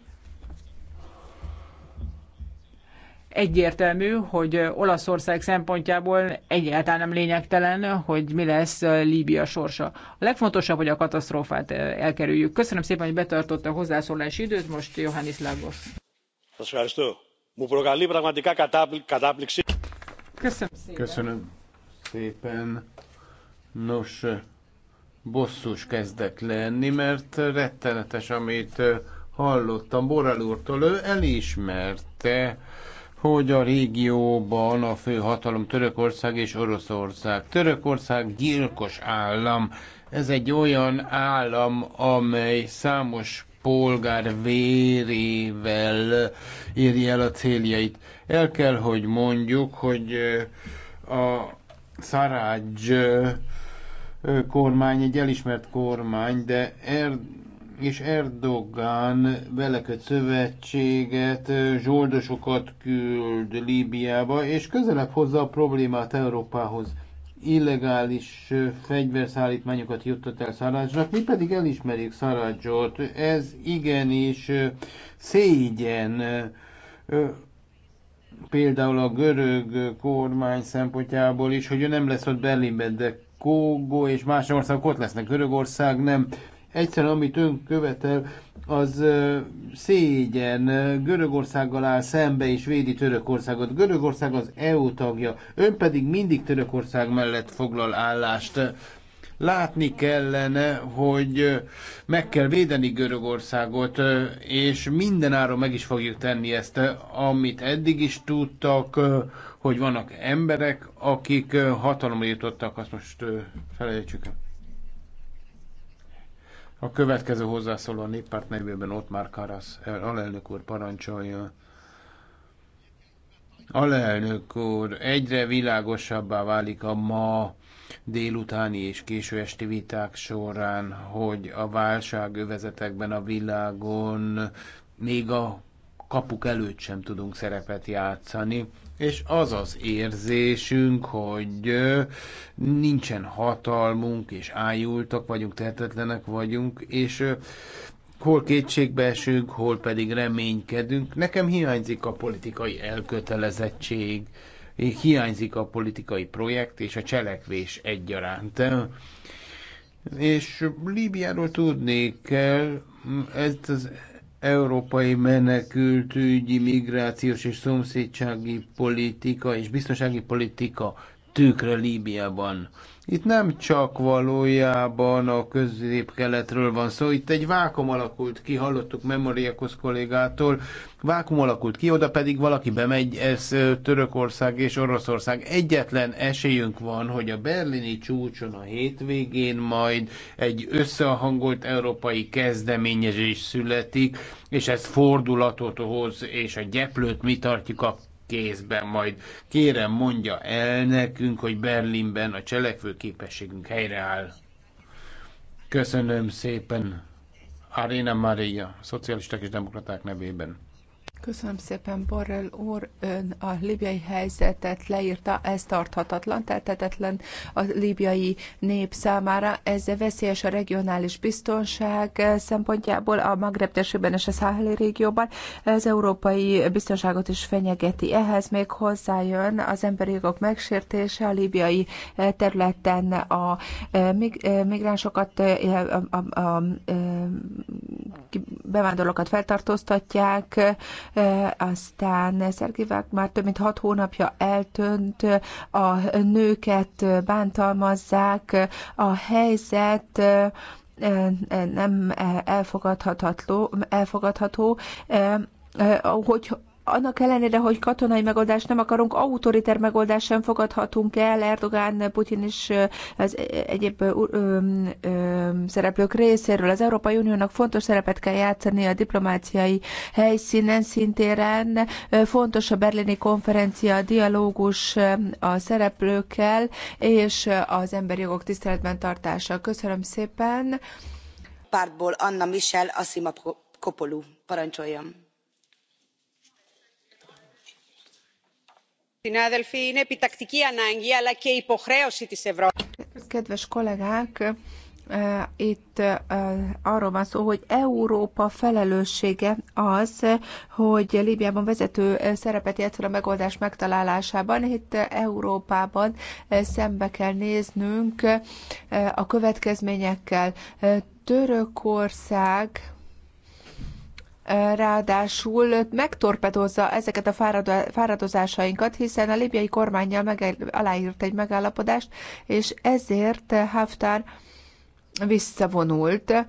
Egyértelmű, hogy Olaszország szempontjából egyáltalán nem lényegtelen, hogy mi lesz Líbia sorsa. A legfontosabb, hogy a katasztrófát eh, elkerüljük. Köszönöm szépen, hogy betartotta a hozzászólási időt. Most Johannes Lagos. Köszönöm szépen. Köszönöm szépen. Nos, bosszus kezdek lenni, mert rettenetes, amit eh, hallottam Borrell úrtól, ő elismerte, hogy a régióban a főhatalom Törökország és Oroszország. Törökország gyilkos állam. Ez egy olyan állam, amely számos polgár vérével éri el a céljait. El kell, hogy mondjuk, hogy a Szarágy kormány egy elismert kormány, de er és Erdogan beleköt szövetséget, zsoldosokat küld Líbiába, és közelebb hozza a problémát Európához. Illegális fegyverszállítmányokat juttat el Szarácsnak, mi pedig elismerjük Szarácsot. Ez igenis szégyen például a görög kormány szempontjából is, hogy ő nem lesz ott Berlinben, de Kógó és más országok ott lesznek, Görögország nem. Egyszerűen, amit ön követel, az szégyen Görögországgal áll szembe és védi Törökországot. Görögország az EU tagja, ön pedig mindig Törökország mellett foglal állást látni kellene, hogy meg kell védeni Görögországot, és minden áron meg is fogjuk tenni ezt, amit eddig is tudtak, hogy vannak emberek, akik hatalomra jutottak, azt most felejtsük el. A következő hozzászóló a néppárt nevében ott már Karasz, alelnök úr parancsolja. Alelnök úr, egyre világosabbá válik a ma délutáni és késő esti viták során, hogy a válságövezetekben a világon még a kapuk előtt sem tudunk szerepet játszani, és az az érzésünk, hogy nincsen hatalmunk, és ájultak vagyunk, tehetetlenek vagyunk, és hol kétségbe esünk, hol pedig reménykedünk. Nekem hiányzik a politikai elkötelezettség, hiányzik a politikai projekt és a cselekvés egyaránt. És Líbiáról tudnék kell, ez az európai menekültügyi, migrációs és szomszédsági politika és biztonsági politika tükre Líbiában. Itt nem csak valójában a közép-keletről van szó, itt egy vákum alakult ki, hallottuk Memoriakos kollégától, vákum alakult ki, oda pedig valaki bemegy, ez Törökország és Oroszország. Egyetlen esélyünk van, hogy a berlini csúcson a hétvégén majd egy összehangolt európai kezdeményezés születik, és ez fordulatot hoz, és a gyeplőt mi tartjuk a kézben majd. Kérem, mondja el nekünk, hogy Berlinben a cselekvő képességünk helyreáll. Köszönöm szépen. Arena Maria, szocialisták és demokraták nevében. Köszönöm szépen, Borrell úr. Ön a libiai helyzetet leírta, ez tarthatatlan, tehetetlen a libiai nép számára. Ez veszélyes a regionális biztonság szempontjából, a Magreb térségben és a Száheli régióban. Ez európai biztonságot is fenyegeti. Ehhez még hozzájön az emberi jogok megsértése a libiai területen a eh, eh, migránsokat, eh, a, a, a, a bevándorlókat feltartóztatják, aztán Szergivák már több mint hat hónapja eltönt, a nőket bántalmazzák, a helyzet nem elfogadható, elfogadható hogy annak ellenére, hogy katonai megoldást nem akarunk, autoriter megoldást sem fogadhatunk el Erdogán, Putyin és az e, egyéb ö, ö, szereplők részéről. Az Európai Uniónak fontos szerepet kell játszani a diplomáciai helyszínen, szintéren. Fontos a berlini konferencia, a dialógus a szereplőkkel és az emberi jogok tiszteletben tartása. Köszönöm szépen. Pártból Anna Michel Asima Kopolu. Parancsoljam. Kedves kollégák, eh, itt eh, arról van szó, hogy Európa felelőssége az, hogy lbiában vezető eh, szerepet játszol a megoldás megtalálásában. Itt Európában szembe kell néznünk a következményekkel. Törökország ráadásul megtorpedozza ezeket a fáradozásainkat, hiszen a libiai kormányjal meg, aláírt egy megállapodást, és ezért Haftar visszavonult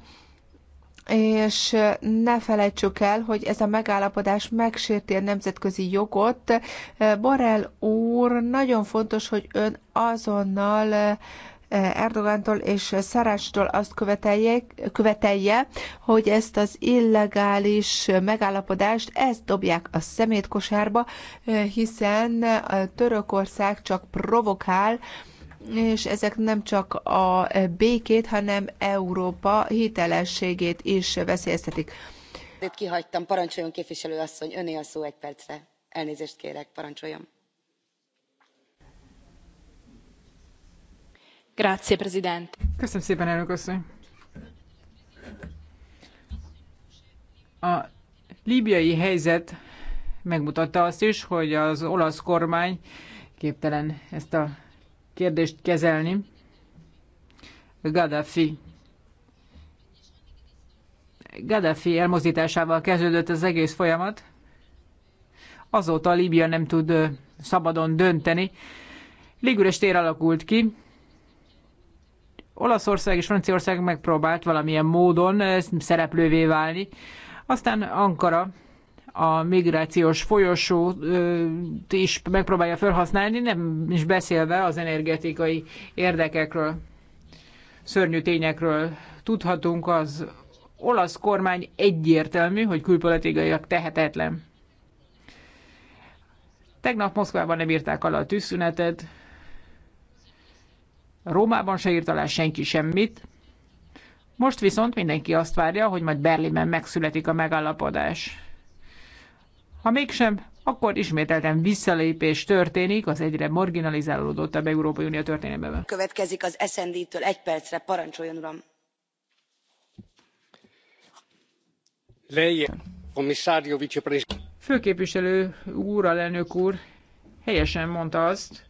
és ne felejtsük el, hogy ez a megállapodás megsérti a nemzetközi jogot. Borrell úr, nagyon fontos, hogy ön azonnal Erdogantól és Szarástól azt követelje, hogy ezt az illegális megállapodást, ezt dobják a szemétkosárba, hiszen Törökország csak provokál, és ezek nem csak a békét, hanem Európa hitelességét is veszélyeztetik. Itt kihagytam, parancsoljon képviselő asszony, öné a szó egy percre. Elnézést kérek, parancsoljon Köszönöm szépen, elnök asszony. A lbiai helyzet megmutatta azt is, hogy az olasz kormány képtelen ezt a kérdést kezelni. Gaddafi Gaddafi elmozdításával kezdődött az egész folyamat. Azóta Líbia nem tud szabadon dönteni. Légüres tér alakult ki, Olaszország és Franciaország megpróbált valamilyen módon eh, szereplővé válni, aztán Ankara a migrációs folyosót eh, is megpróbálja felhasználni, nem is beszélve az energetikai érdekekről, szörnyű tényekről tudhatunk, az olasz kormány egyértelmű, hogy külpolitikaiak tehetetlen. Tegnap Moszkvában nem írták alá a tűzszünetet, Rómában se írt alá senki semmit. Most viszont mindenki azt várja, hogy majd Berlinben megszületik a megállapodás. Ha mégsem, akkor ismételten visszalépés történik az egyre marginalizálódottabb Európai Unió történelmében. Következik az SND-től egy percre, parancsoljon uram. Leje, commissario, vicepresidente. Főképviselő úr, alelnök úr, helyesen mondta azt,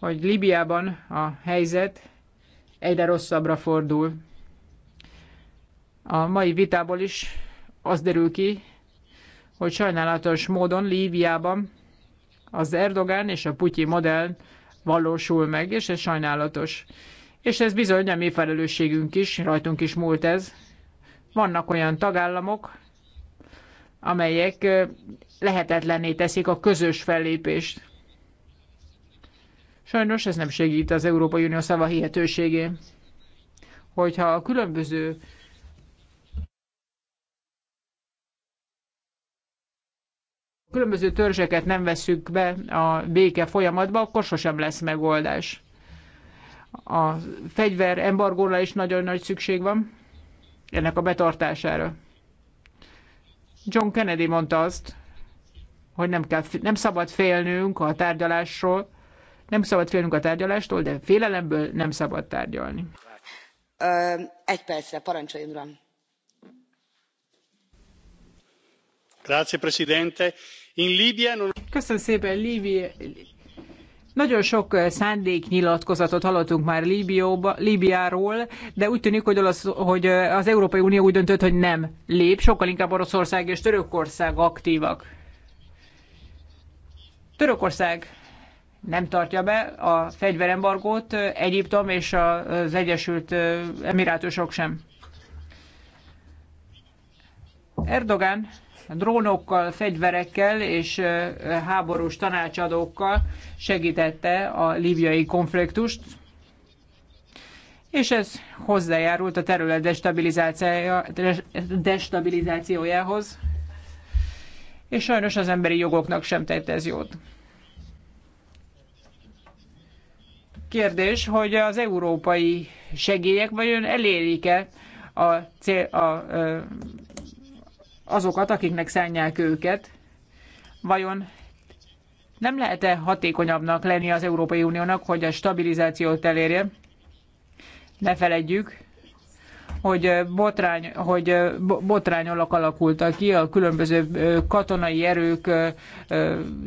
hogy Libiában a helyzet egyre rosszabbra fordul. A mai vitából is az derül ki, hogy sajnálatos módon Líbiában az Erdogán és a Putyi modell valósul meg, és ez sajnálatos. És ez bizony a mi felelősségünk is, rajtunk is múlt ez. Vannak olyan tagállamok, amelyek lehetetlenné teszik a közös fellépést. Sajnos ez nem segít az Európai Unió szava hihetőségén. Hogyha a különböző különböző törzseket nem vesszük be a béke folyamatba, akkor sosem lesz megoldás. A fegyver embargóra is nagyon nagy szükség van ennek a betartására. John Kennedy mondta azt, hogy nem, kell, nem szabad félnünk a tárgyalásról, nem szabad félnünk a tárgyalástól, de félelemből nem szabad tárgyalni. Ö, egy percre, parancsoljon, uram. Grazie, Presidente. In Köszönöm szépen, Libya. Nagyon sok szándéknyilatkozatot hallottunk már Líbióba, Líbiáról, de úgy tűnik, hogy, az, hogy az Európai Unió úgy döntött, hogy nem lép, sokkal inkább Oroszország és Törökország aktívak. Törökország nem tartja be a fegyverembargót, Egyiptom és az Egyesült Emirátusok sem. Erdogan drónokkal, fegyverekkel és háborús tanácsadókkal segítette a líbiai konfliktust, és ez hozzájárult a terület destabilizációjához, és sajnos az emberi jogoknak sem tett ez jót. Kérdés, hogy az európai segélyek vajon elérik-e a cél, a, azokat, akiknek szánják őket, vajon nem lehet-e hatékonyabbnak lenni az Európai Uniónak, hogy a stabilizációt elérje? Ne feledjük, hogy, botrány, hogy botrányolak alakultak ki a különböző katonai erők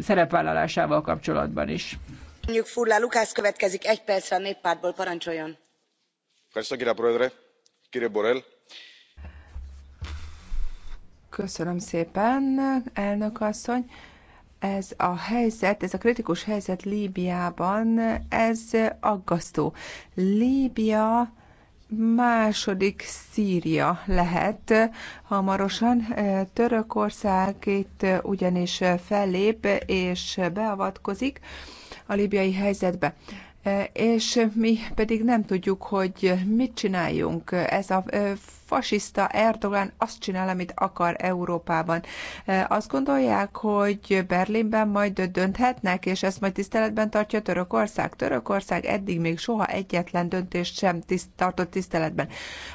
szerepvállalásával kapcsolatban is. Köszönöm szépen, elnök asszony. Ez a helyzet, ez a kritikus helyzet Líbiában, ez aggasztó. Líbia második Szíria lehet hamarosan. Eh, Törökország itt eh, ugyanis eh, fellép és beavatkozik a libiai helyzetbe. E, és mi pedig nem tudjuk, hogy mit csináljunk. Ez a e, fasiszta Erdogan azt csinál, amit akar Európában. E, azt gondolják, hogy Berlinben majd dönthetnek, és ezt majd tiszteletben tartja Törökország. Törökország eddig még soha egyetlen döntést sem tiszt, tartott tiszteletben.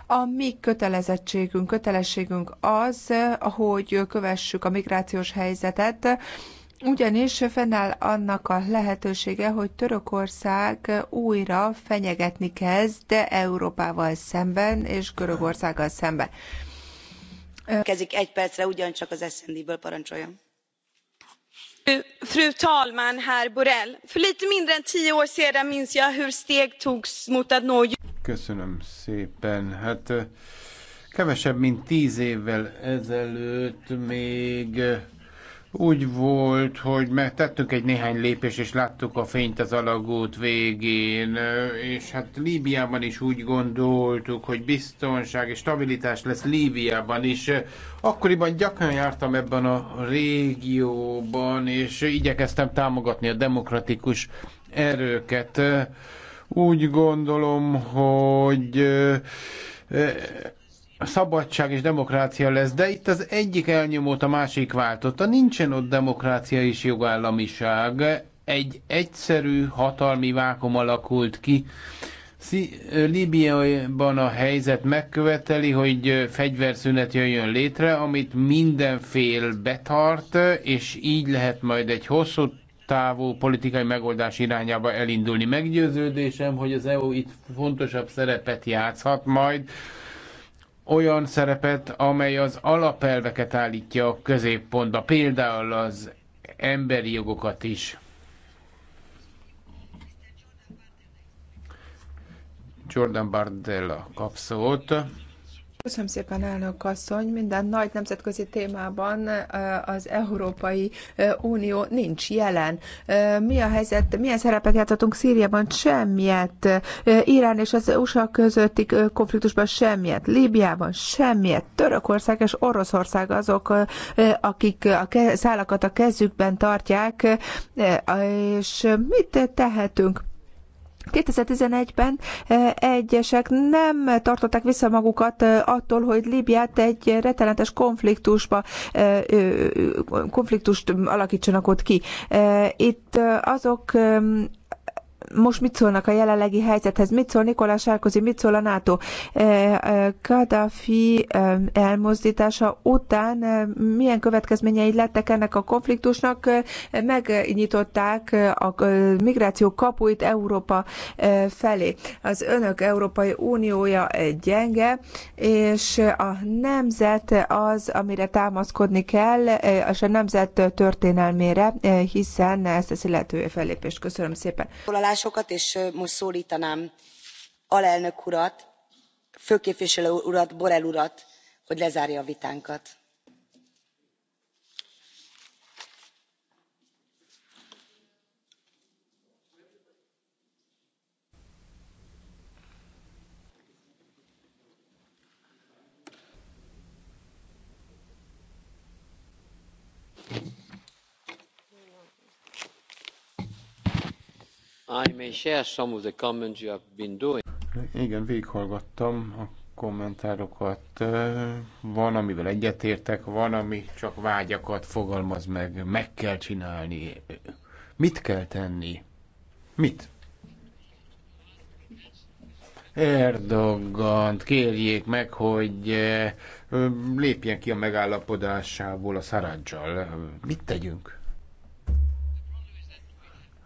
A mi kötelezettségünk, kötelességünk az, hogy kövessük a migrációs helyzetet, ugyanis fennáll annak a lehetősége, hogy Törökország újra fenyegetni kezd de Európával szemben és Görögországgal szemben. Kezik egy percre ugyancsak az SZND-ből parancsoljon. Fru talman, herr Borrell. För lite mindre än tio år sedan minns jag hur steg togs mot att nå... Köszönöm szépen. Hát kevesebb, mint tíz évvel ezelőtt még úgy volt, hogy megtettünk egy néhány lépés, és láttuk a fényt az alagút végén, és hát Líbiában is úgy gondoltuk, hogy biztonság és stabilitás lesz Líbiában is. Akkoriban gyakran jártam ebben a régióban, és igyekeztem támogatni a demokratikus erőket. Úgy gondolom, hogy szabadság és demokrácia lesz, de itt az egyik elnyomót a másik váltotta. Nincsen ott demokrácia és jogállamiság. Egy egyszerű hatalmi vákum alakult ki. Líbiában a helyzet megköveteli, hogy fegyverszünet jöjjön létre, amit mindenfél betart, és így lehet majd egy hosszú távú politikai megoldás irányába elindulni. Meggyőződésem, hogy az EU itt fontosabb szerepet játszhat majd, olyan szerepet, amely az alapelveket állítja a középpontba, például az emberi jogokat is. Jordan Bardella kap szót. Köszönöm szépen, elnök asszony. Minden nagy nemzetközi témában az Európai Unió nincs jelen. Mi a helyzet, milyen szerepet játszhatunk Szíriában? Semmiet. Irán és az USA közötti konfliktusban semmiet. Líbiában semmiet. Törökország és Oroszország azok, akik a szálakat a kezükben tartják, és mit tehetünk? 2011-ben eh, egyesek nem tartották vissza magukat eh, attól, hogy Líbiát egy rettenetes konfliktusba, eh, konfliktust alakítsanak ott ki. Itt azok most mit szólnak a jelenlegi helyzethez, mit szól Nikola Sárkozi, mit szól a NATO. Kadhafi eh, eh, eh, elmozdítása után milyen következményei lettek ennek a konfliktusnak? Megnyitották a migráció kapuit Európa felé. Az önök Európai Uniója gyenge, és a nemzet az, amire támaszkodni kell, és a nemzet történelmére, hiszen ezt a lehetővé fellépést. Köszönöm szépen kihvásokat és most szóltanám alelnök urat főképviselő urat borrell urat hogy lezárja a vitánkat. I may share some of the comments you have been doing. Igen, végighallgattam a kommentárokat. Van, amivel egyetértek, van, ami csak vágyakat fogalmaz meg. Meg kell csinálni. Mit kell tenni? Mit? Erdogant kérjék meg, hogy lépjen ki a megállapodásából a szarancsal. Mit tegyünk?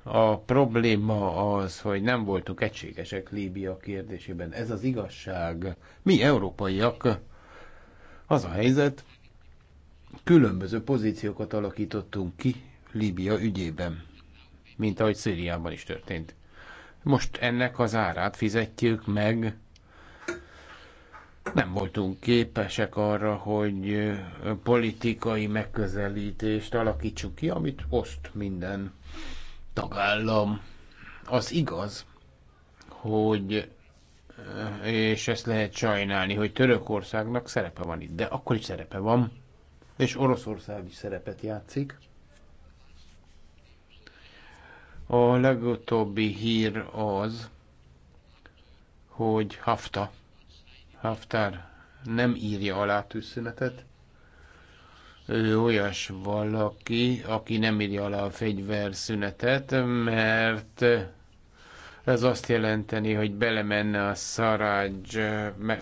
A probléma az, hogy nem voltunk egységesek Líbia kérdésében. Ez az igazság. Mi európaiak, az a helyzet, különböző pozíciókat alakítottunk ki Líbia ügyében, mint ahogy Szíriában is történt. Most ennek az árát fizetjük meg. Nem voltunk képesek arra, hogy politikai megközelítést alakítsunk ki, amit oszt minden tagállam. Az igaz, hogy eh, és ezt lehet sajnálni, hogy Törökországnak szerepe van itt, de akkor is szerepe van, és Oroszország is szerepet játszik. A legutóbbi hír az, hogy Hafta, Haftár nem írja alá tűzszünetet, ő olyas valaki, aki nem írja alá a fegyverszünetet, mert ez azt jelenteni, hogy belemenne a Szarágy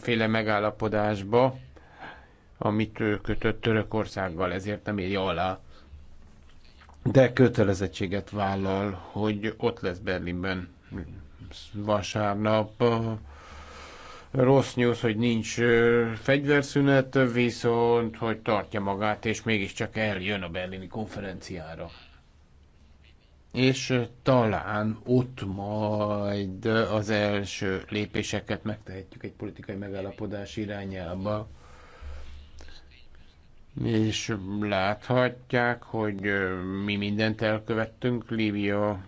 féle megállapodásba, amit ő kötött Törökországgal, ezért nem írja alá. De kötelezettséget vállal, hogy ott lesz Berlinben vasárnap rossz nyúz, hogy nincs fegyverszünet, viszont hogy tartja magát, és mégiscsak eljön a berlini konferenciára. És talán ott majd az első lépéseket megtehetjük egy politikai megállapodás irányába. És láthatják, hogy mi mindent elkövettünk Líbia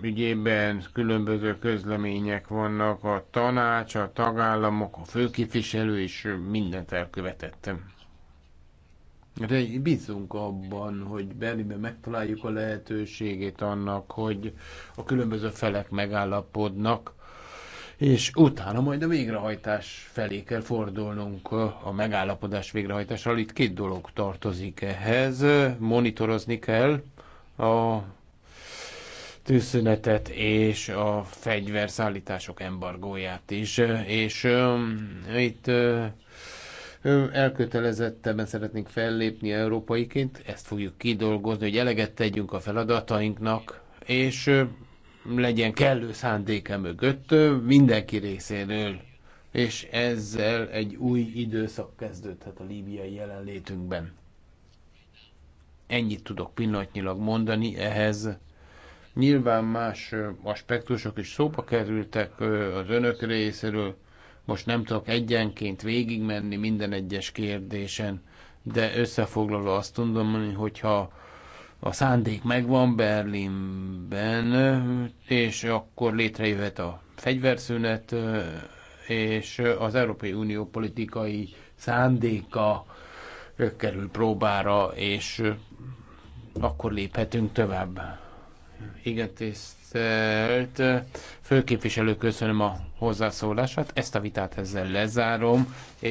ügyében különböző közlemények vannak, a tanács, a tagállamok, a főképviselő is mindent elkövetettem. De bízunk abban, hogy Berlinben megtaláljuk a lehetőségét annak, hogy a különböző felek megállapodnak, és utána majd a végrehajtás felé kell fordulnunk a megállapodás végrehajtással. Itt két dolog tartozik ehhez. Monitorozni kell a tűzszünetet és a fegyverszállítások embargóját is. És um, itt uh, elkötelezettebben szeretnénk fellépni európaiként, ezt fogjuk kidolgozni, hogy eleget tegyünk a feladatainknak, és uh, legyen kellő szándéke mögött uh, mindenki részéről, és ezzel egy új időszak kezdődhet a líbiai jelenlétünkben. Ennyit tudok pillanatnyilag mondani ehhez Nyilván más aspektusok is szóba kerültek az önök részéről. Most nem tudok egyenként végigmenni minden egyes kérdésen, de összefoglalva azt tudom mondani, hogyha a szándék megvan Berlinben, és akkor létrejöhet a fegyverszünet, és az Európai Unió politikai szándéka kerül próbára, és akkor léphetünk tovább igen tisztelt főképviselő, köszönöm a hozzászólását. Ezt a vitát ezzel lezárom.